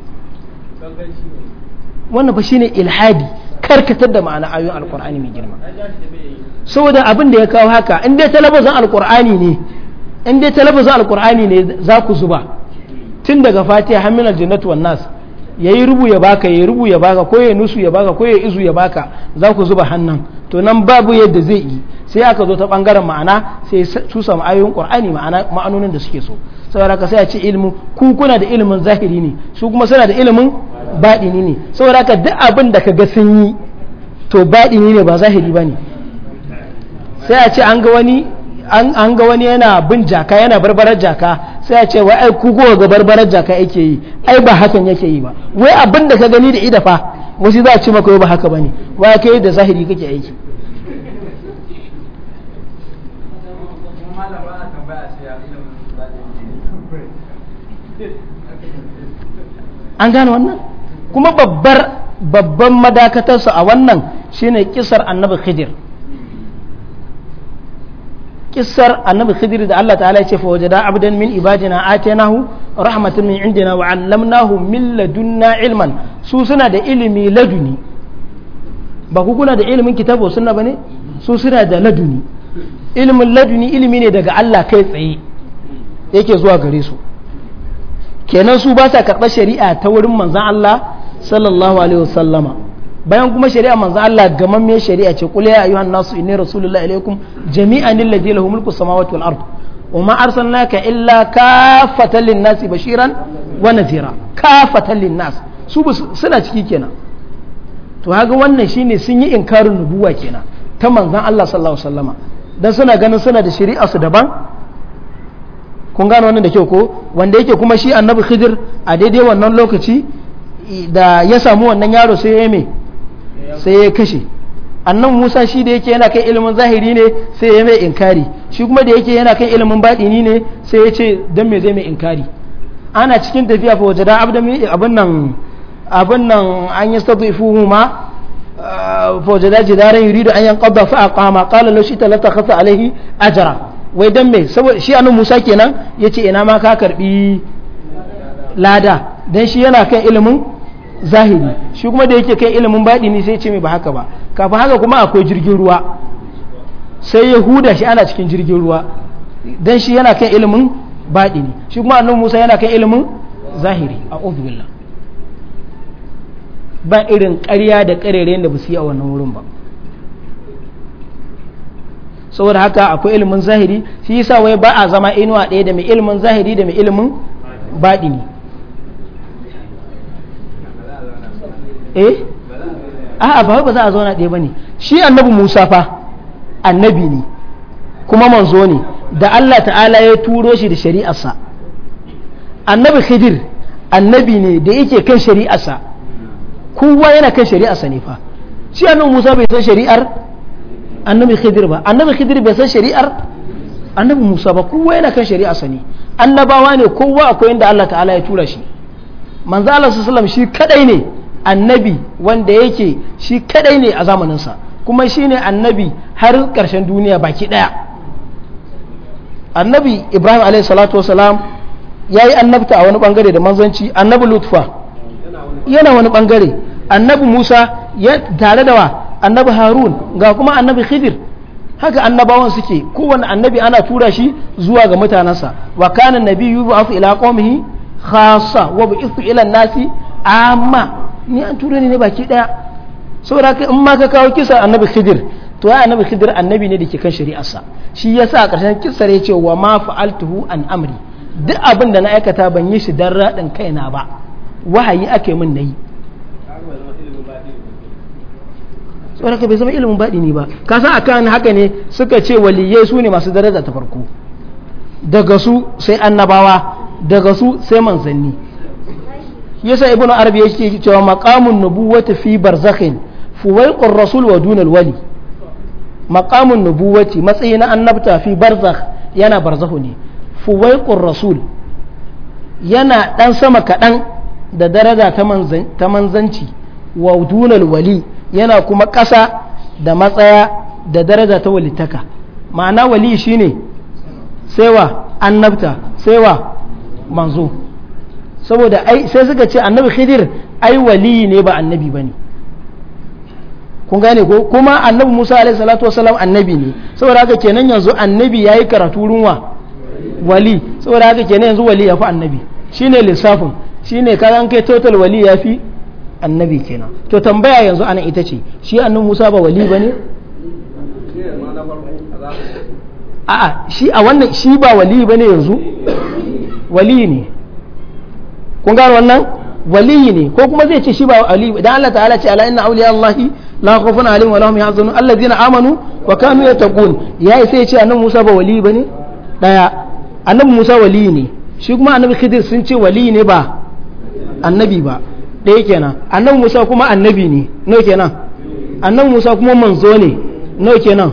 wannan ba shine ilhadi karkatar da ma'ana ayoyin alkur'ani mai girma saboda abin da ya kawo haka in dai talabazin alkur'ani ne in dai talabazin alkur'ani ne za ku zuba tun daga fatiha hamil aljannatu wan nas yayi rubu ya baka yayi rubu ya baka ko ya nusu ya baka ko ya izu ya baka za ku zuba hannan to nan babu yadda zai yi sai aka zo ta bangaren ma'ana sai su samu ayoyin qur'ani ma'anonin da suke so saboda ka sai a ce ilmu ku kuna da ilimin zahiri ne su kuma suna da ilimin baɗini ne saboda ka duk abin da ka ga sun yi to baɗini ne ba zahiri ba ne sai a ce an ga wani yana bin jaka yana barbarar jaka sai a ce wai ai ku ga barbarar jaka yake yi ai ba hakan yake yi ba wai abin da ka gani da ida fa wasu za a ci maka ba haka ba ne wa kai da zahiri kake aiki an gane wannan kuma babbar babban madakatarsa a wannan shine kisar annabi khidir kissar annabi khidir da Allah ta'ala ya ce fa wajada abdan min ibadina atainahu rahmatan min indina wa 'allamnahu min ladunna ilman su suna da ilimi laduni ba ku kuna da ilimin kitabu sunna bane su suna da laduni ilimin laduni ilimi ne daga Allah kai tsaye yake zuwa gare su kenan su ba sa karɓar shari'a ta wurin manzon Allah sallallahu alaihi wasallama bayan kuma shari'a manzo Allah me shari'a ce qul ya ayyuhan nasu inni rasulullahi ilaykum jami'an alladhi lahu mulku samawati wal ard wama arsalnaka illa kafatan lin-nasi bashiran wa nadhira kafatan lin-nas su suna ciki kenan to haka wannan shine sun yi inkarin nubuwa kenan ta manzon Allah sallallahu alaihi wasallama dan suna ganin suna da shari'a su daban kun gano wannan da kyau ko wanda yake kuma shi annabi khidir a daidai wannan lokaci da ya samu wannan yaro sai ya mai sai ya kashe annan musa shi da yake yana kan ilimin zahiri ne sai ya mai inkari shi kuma da yake yana kan ilimin baɗini ne sai ya ce don me zai mai inkari ana cikin tafiya fa wajada abin nan abin nan an yi sadu ifuhu ma ah, fa wajada jidaran yuridu an yanqadda fa aqama qala law talata latakhasa alaihi ajra wai don me saboda shi annan musa kenan yace ina ma ka karbi lada dan shi yana kan ilimin zahiri shi kuma da yake kai ilimin baɗi ne sai ce mai ba haka ba kafin haka kuma akwai jirgin ruwa sai ya huda shi ana cikin jirgin ruwa don shi yana kan ilimin baɗi ne shi kuma annabi Musa yana kan ilimin zahiri a billah ba irin ƙarya da ƙarerayen da ba su yi a wannan wurin ba saboda haka akwai ilimin zahiri shi yasa wai ba a zama inuwa ɗaya da mai ilimin zahiri da mai ilimin baɗi ne eh a'a ba ba za a zauna ɗaya ne. shi annabi Musa fa annabi ne kuma manzo ne da Allah ta'ala ya turo shi da shari'arsa annabi Khidir annabi ne da yake kan shari'arsa kowa yana kan shari'arsa ne fa shi annabi Musa bai san shari'ar annabi Khidir ba annabi Khidir bai san shari'ar annabi Musa ba kowa yana kan shari'arsa ne annabawa ne kowa akwai inda Allah ta'ala ya tura shi manzo Allah sallallahu alaihi wasallam shi kadai ne annabi wanda yake shi kadai ne a zamaninsa kuma shi ne annabi har ƙarshen duniya baki ɗaya annabi ibrahim alaihi salatu wasalam ya yi annabta a wani bangare da manzanci annabi lutfa yana wani bangare annabi musa ya tare da wa annabi harun ga kuma annabi khidir haka annabawan suke kowane annabi ana tura shi zuwa ga mutanensa wa kana nabiyyu afu ila qaumihi khassa wa bi'athu ila nasi amma ni an tura ni ne baki daya saboda kai in ma ka kawo kisa annabi khidir to ai annabi khidir annabi ne da ke kan sa shi yasa a ƙarshen kisar ya ce wa ma fa'altuhu an amri duk abin da na aikata ban yi shi dan raɗin kaina ba wahayi ake min nayi saboda ka bai zama ilimin baɗi ne ba ka san akan haka ne suka ce waliyai su ne masu daraja ta farko daga su sai annabawa daga su sai manzanni yasa ibnu arabi ce cewa maqamun nubuwati fi barzakhin fuwaiqur rasul wa dunal wali maqamun nubuwati matsayi na annabta fi barzakh yana barzahu ne fuwaiƙun rasul yana dan sama kadan da daraja ta manzanci wa dunal wali yana kuma ƙasa da matsaya da daraja ta walitaka ma'ana wali shine sai wa annabta sai manzo saboda ai sai suka ce annabi khidir ai wali ne ba annabi ba ne kun gane ko kuma annabi musa alaihi salatu wasalam annabi ne saboda haka kenan yanzu annabi ya yi karatu runwa wali saboda haka kenan yanzu wali ya fi annabi shine lissafin shine ka ran kai total wali ya fi annabi kenan to tambaya yanzu ana ita ce shi annabi musa ba wali ba ne a'a shi a wannan shi ba wali ba ne yanzu wali ne kun gano wannan waliyi ne ko kuma zai ce shi ba ali dan Allah ta'ala ce ala inna awliya Allah la khawfun alaihim wa lahum yahzanun allazina amanu wa kanu yattaqun yayi sai ya ce annabi Musa ba waliyi bane daya annabi Musa waliyi ne shi kuma annabi Khidir sun ce waliyi ne ba annabi ba ɗaya kenan annabi Musa kuma annabi ne no kenan annabi Musa kuma manzo ne no kenan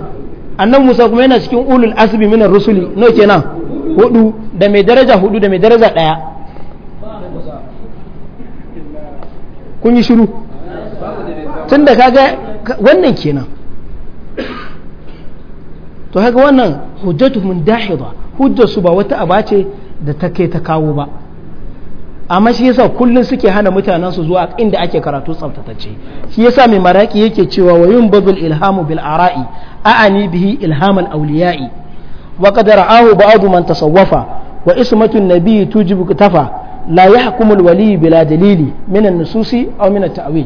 annabi Musa kuma yana cikin ulul asbi minar rusuli no kenan hudu da mai daraja hudu da mai daraja daya kun yi shiru tun da kaga wannan kenan to haka wannan hujjatuhum hujjar hujjarsu ba wata aba ce da ta kai ta kawo ba amma shi yasa kullun suke hana mutanen su zuwa inda ake karatu tsaftatacce shi yasa mai maraki yake cewa wa yunbadul ilhamu bil ara'i a'ani bihi ilhamal awliya'i wa qad ra'ahu ba'd man tasawwafa wa ismatun nabiyyi tujibu tafa la yahkumu al-wali bila dalili min an-nususi aw min tawil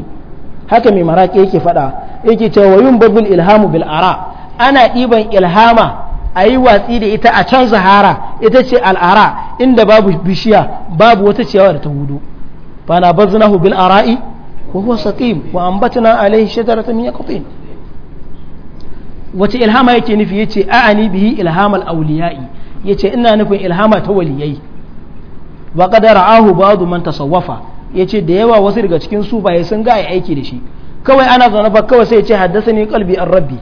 haka mai maraki yake fada yake cewa wayun babul ilhamu bil ara ana diban ilhama ayi watsi da ita a can zahara ita ce al'ara inda babu bishiya babu wata ciyawa da ta hudu fa na baznahu bil ara'i wa huwa saqim wa ambatna alayhi shajaratan min yaqtin wace ilhama yake nufi yace a'ani bihi ilhamal awliya'i yace ina nufin ilhama ta waliyai wa qadara ahu ba'du man tasawwafa yace da yawa wasu daga cikin su ba sun ga aiki da shi kawai ana zana ba kawai sai ce haddasa ni kalbi an rabbi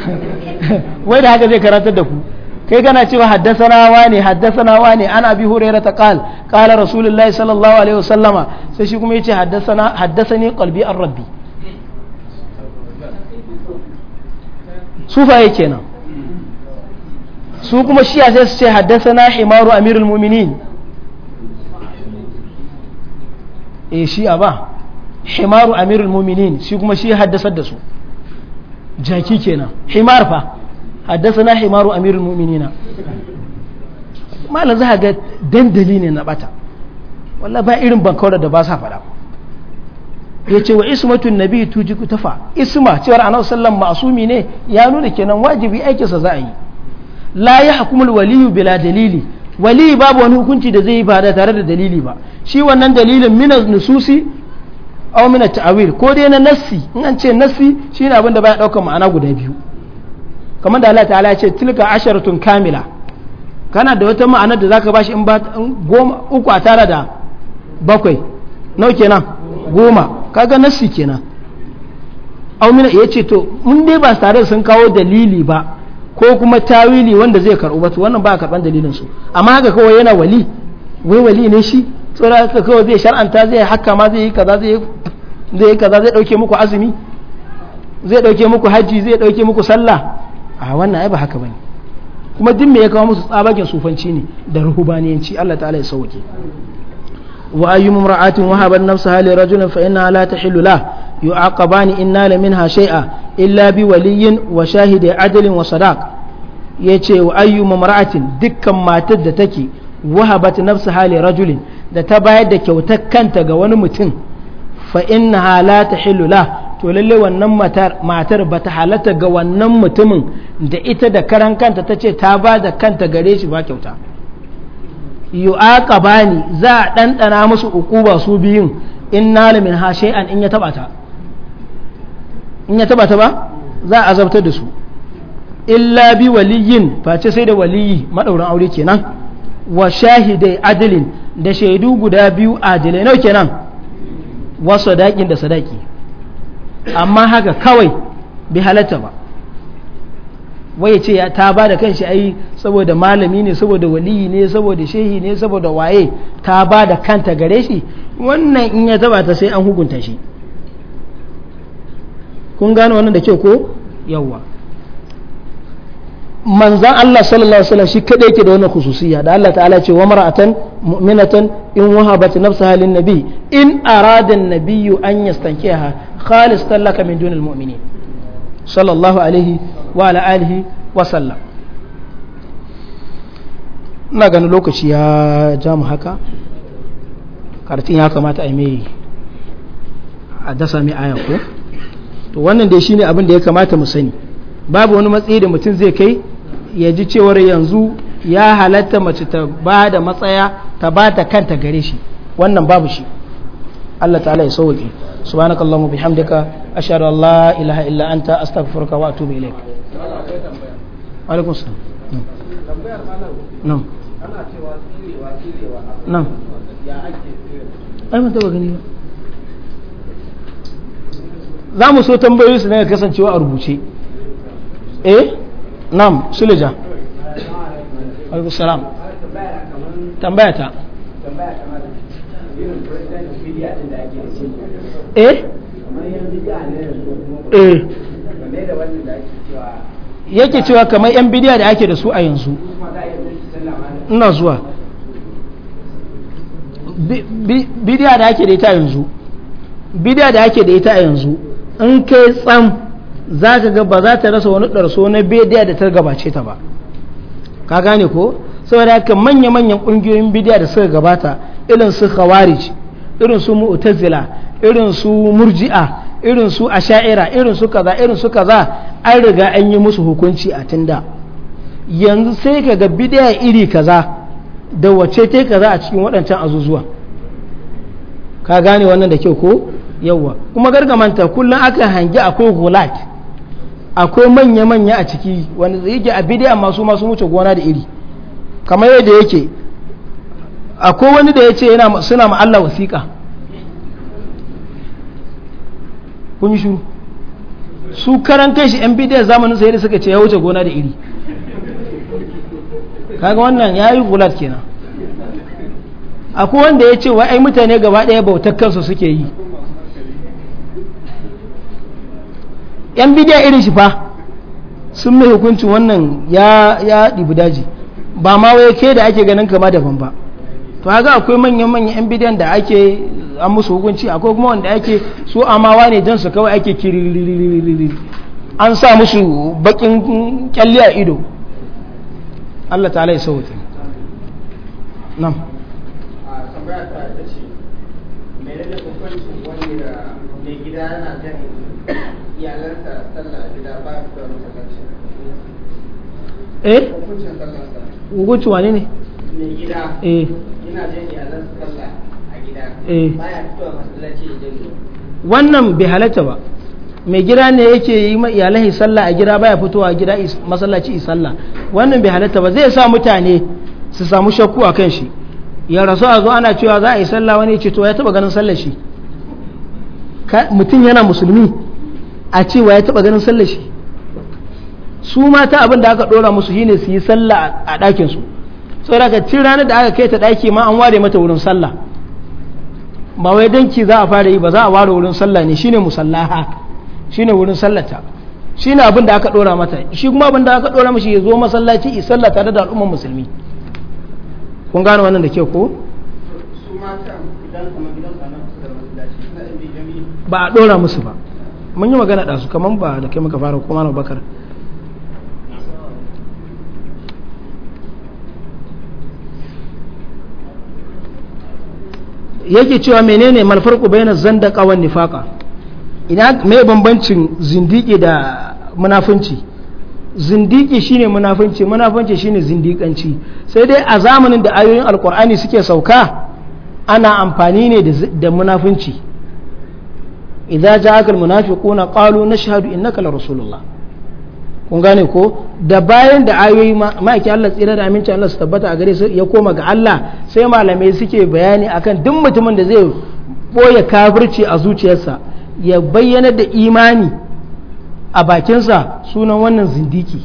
wai da haka zai karantar da ku kai kana cewa haddasana wane haddasana ana an abi hurairah ta qal qala rasulullahi sallallahu alaihi wasallama sai shi kuma yace haddasana haddasani qalbi an rabbi sufaye kenan su kuma shiya sai su ce haddasa na himaru amirul muminin eh shi'a ba himaru amirul muminin shi kuma shi haddasar da su jaki kenan himar fa haddasa na himaru amirul muminina malam za ga dandali ne na bata wallah ba irin bankaura da ba sa faɗa ya ce wa ismatun nabi tuji tafa isma cewar annabi sallam ma'asumi ne ya nuna kenan wajibi aikinsa za a yi la ya hukumul waliyu bila dalili wali babu wani hukunci da zai yi ba da tare da dalili ba shi wannan dalilin mina nususi aw mina ta'awil ko dai na nassi in an ce nassi shine abin da baya daukar ma'ana guda biyu kamar da Allah ta'ala ya ce tilka asharatun kamila kana da wata ma'ana da zaka bashi in ba goma uku a tara da bakwai nau kenan goma kaga nassi kenan aw mina yace to mun dai ba tare sun kawo dalili ba ko kuma tawili wanda zai karɓu batu wannan ba a karɓan dalilin su amma haka kawai yana wali wai wali ne shi tsora haka kawai zai shar'anta zai haka ma zai yi kaza zai yi kaza zai ɗauke muku azumi zai ɗauke muku hajji zai ɗauke muku sallah a wannan ai ba haka bane kuma duk me ya kawo musu tsabagen sufanci ne da ruhubaniyanci Allah ta'ala ya sauke wa ayyum imra'atin wahaban nafsaha li rajulin fa inna la tahillu lah yu'aqabani in nala minha shay'a illa bi waliyin wa shahidi adalin wa sadaq yace wa ayyu mamra'atin dukkan matar da take wahabat nafsaha li rajulin da ta bayar da kyautar kanta ga wani mutum fa innaha la tahillu la to lalle wannan matar matar bata halatta ga wannan mutumin da ita da karan kanta tace ta ba da kanta gare shi ba kyauta yu'aqabani za a ɗanɗana musu ukuba su biyun in nala min ha shay'an in ya taɓa ta in ya taba ta ba za a azabtar da su illa bi waliyin face sai da waliyi madaurin aure kenan wa shahidai adilin da shaidu guda biyu adilai nau kenan wa sadaƙin da sadaki amma haka kawai bi halatta ba wai ce ta ba da kanshi ai saboda malami ne saboda waliyi ne saboda shehi ne saboda waye ta ba da kanta gare shi wannan in ya zaba ta sai an hukunta shi kun gane wannan da kyau ko yawwa manzan Allah sallallahu alaihi wasallam shi kadai yake da wannan khususiyya da Allah ta'ala ce wa mar'atan mu'minatan in wahabat nafsaha lin nabi in arada an-nabiyyu an yastankiha khalis talaka min dunil mu'minin sallallahu alaihi wa ala alihi wa sallam ina ganin lokaci ya ja mu haka karatun ya kamata a yi mai a dasa mai aya ko to wannan dai shine abin da ya kamata mu sani babu wani matsayi da mutum zai kai ya ji cewar yanzu ya halatta mace ta ba da matsaya ta ba ta kanta gare shi wannan babu shi Allah ta'ala ya sauke subhanakallahumma bihamdika ashhadu an la ilaha illa anta astaghfiruka wa atubu ilaik alaikum salam nan ana cewa tsirewa tsirewa nan ya ake tsirewa ai mun taba gani ba za mu so tambayoyi su ne kasancewa a rubuce eh nam suleja alaikum salam tambaya ta eh eh yake cewa kamar yan bidiya da ake da su a yanzu ina zuwa bidiya da ake da ita yanzu bidiya da ake da ita yanzu in kai tsam za ka ga ba za ta rasa wani ɗarso na bidiya da ta gabace ta ba ka gane ko saboda haka manya-manyan ƙungiyoyin bidiya da suka gabata irin su khawarij irin su mu'tazila irin su murji'a irin su asha'ira irin su kaza irin su kaza an riga an yi musu hukunci a tunda yanzu sai ka ga bidiya iri kaza da wacce ta kaza a cikin waɗancan azuzuwa ka gane wannan da kyau ko yawa kuma gargamanta kullum aka hangi akwai gulat akwai manya-manya a ciki wanda yake a bidiyar masu masu wuce gona da iri kamar yadda yake akwai wani da ya ce suna ma'alla Allah wasiƙa kun yi shuru su karan kai shi yan bidiyar zamanin sai da suka ce ya wuce gona da iri kaga wannan ya yi gulat kenan akwai wanda ya ce wa ai mutane gaba ɗaya bautar kansu suke yi yan bidiya irin shi fa sun mai hukuncin wannan ya ya daji ba ma waye ke da ake ganin kama daban ba to haka akwai manyan manyan yan bidiyan da ake an musu hukunci akwai kuma wanda ake su amawa ne jan su kawai ake kiri an sa musu bakin kyalli a ido Allah ta ce mai gida yana kan iyalansa sallah gida ba su da masallaci eh hukuncin sallarsa hukunci wane ne mai gida eh yana jan iyalansa sallah a gida eh ba fito fitowa masallaci ya jan wannan bai halatta ba mai gida ne yake yi ma iyalai sallah a gida baya fitowa a gida masallaci sallah wannan bai halatta ba zai sa mutane su samu shakku a kan shi ya rasu a zo ana cewa za a yi sallah wani ce to ya taba ganin sallah shi mutum yana musulmi a cewa ya taba ganin sallar shi su mata abin da aka dora musu shine su yi sallah a ɗakin su saboda ka cin ranar da aka kai ta ɗaki ma an ware mata wurin sallah ba wai danki za a fara yi ba za a ware wurin sallah ne shine musallaha shine wurin sallata shine abin da aka dora mata shi kuma abin da aka dora mishi ya zo masallaci ya sallah tare da al'ummar musulmi kun gane wannan da ke ko su mata idan kuma gidan ba a ɗora musu ba mun yi magana ɗasu kamar ba da kai muka fara kuma na bakar yake cewa menene malfarku bayanan zanda kawan nifaka ina mai bambancin zindiki da munafunci zindiki shine munafunci munafunci shine zindikanci sai dai a zamanin da ayoyin alkur'ani suke sauka ana amfani ne da munafunci idza ja'aka na qalu nashhadu innaka larasulullah kun gane ko da bayan da ayoyi ma'aiki Allah tsira da aminci Allah su tabbata a gare su ya koma ga Allah sai malamai suke bayani akan duk mutumin da zai boye kafirci a zuciyarsa ya bayyana da imani a bakinsa sunan wannan zindiki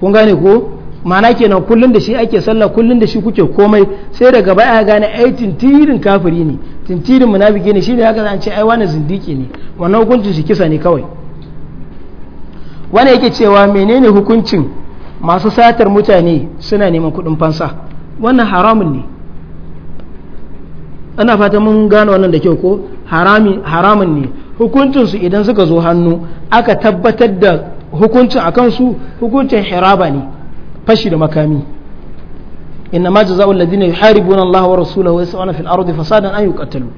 kun gane ko mana kenan kullum da shi ake sallah kullum da shi kuke komai sai daga baya gane aitin tirin kafiri ne tintirin munafiki ne shi ne haka zance ce ai wani zindiki ne wannan hukuncin shi kisa ne kawai wani yake cewa menene hukuncin masu satar mutane suna neman kuɗin fansa wannan haramun ne ana fata mun gano wannan da kyau ko haramun ne hukuncinsu idan suka zo hannu aka tabbatar da hukuncin a kansu hukuncin hiraba ne fashi da makami إنما جزاء الذين يحاربون الله ورسوله ويسعون في الأرض فسادا أن يقتلوا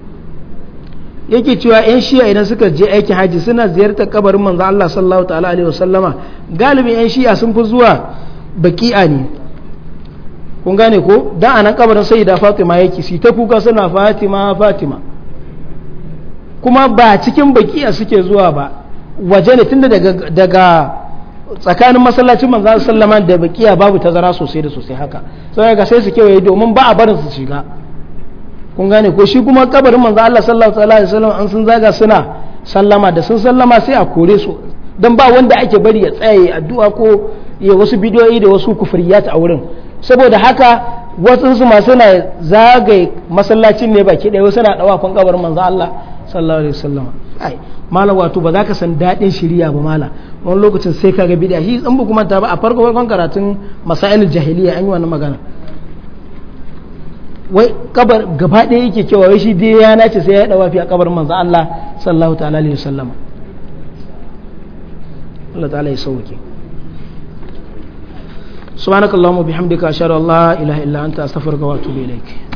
yake cewa yan shi'a idan suka je aiki haji suna ziyartar kabarin manzo Allah sallallahu ta'ala alaihi wasallama galibin yan shi'a sun fi zuwa baki'a ne kun gane ko dan anan kabarin sayyida Fatima yake si ta kuka suna Fatima Fatima kuma ba cikin baki'a suke zuwa ba waje ne tunda daga daga tsakanin masallacin manzo sallama da bakiya babu tazara sosai da sosai haka sai ga sai su kewaye domin ba a barin su shiga kun gane ko shi kuma kabarin manzo Allah sallallahu alaihi wasallam an sun zaga suna sallama da sun sallama sai a kore su dan ba wanda ake bari ya tsaye addu'a ko ya wasu bidiyoyi da wasu kufriyat a wurin saboda haka wasu ma suna zagaye masallacin ne baki ɗaya wasu na ɗawafin kabarin manzo Allah sallallahu alaihi wasallam ai malam wato ba za ka san daɗin shiriya ba mala wani lokacin sai ka ga bid'a shi in ba kuma ba a farko farkon karatun masailul jahiliya an yi wannan magana wai kabar gaba ɗaya yake cewa wai shi dai ya nace sai ya dawa fi a kabarin manzo Allah sallallahu ta'ala alaihi wasallam Allah ta'ala ya sauke subhanakallahumma bihamdika ashhadu an la ilaha illa anta astaghfiruka wa atubu ilaik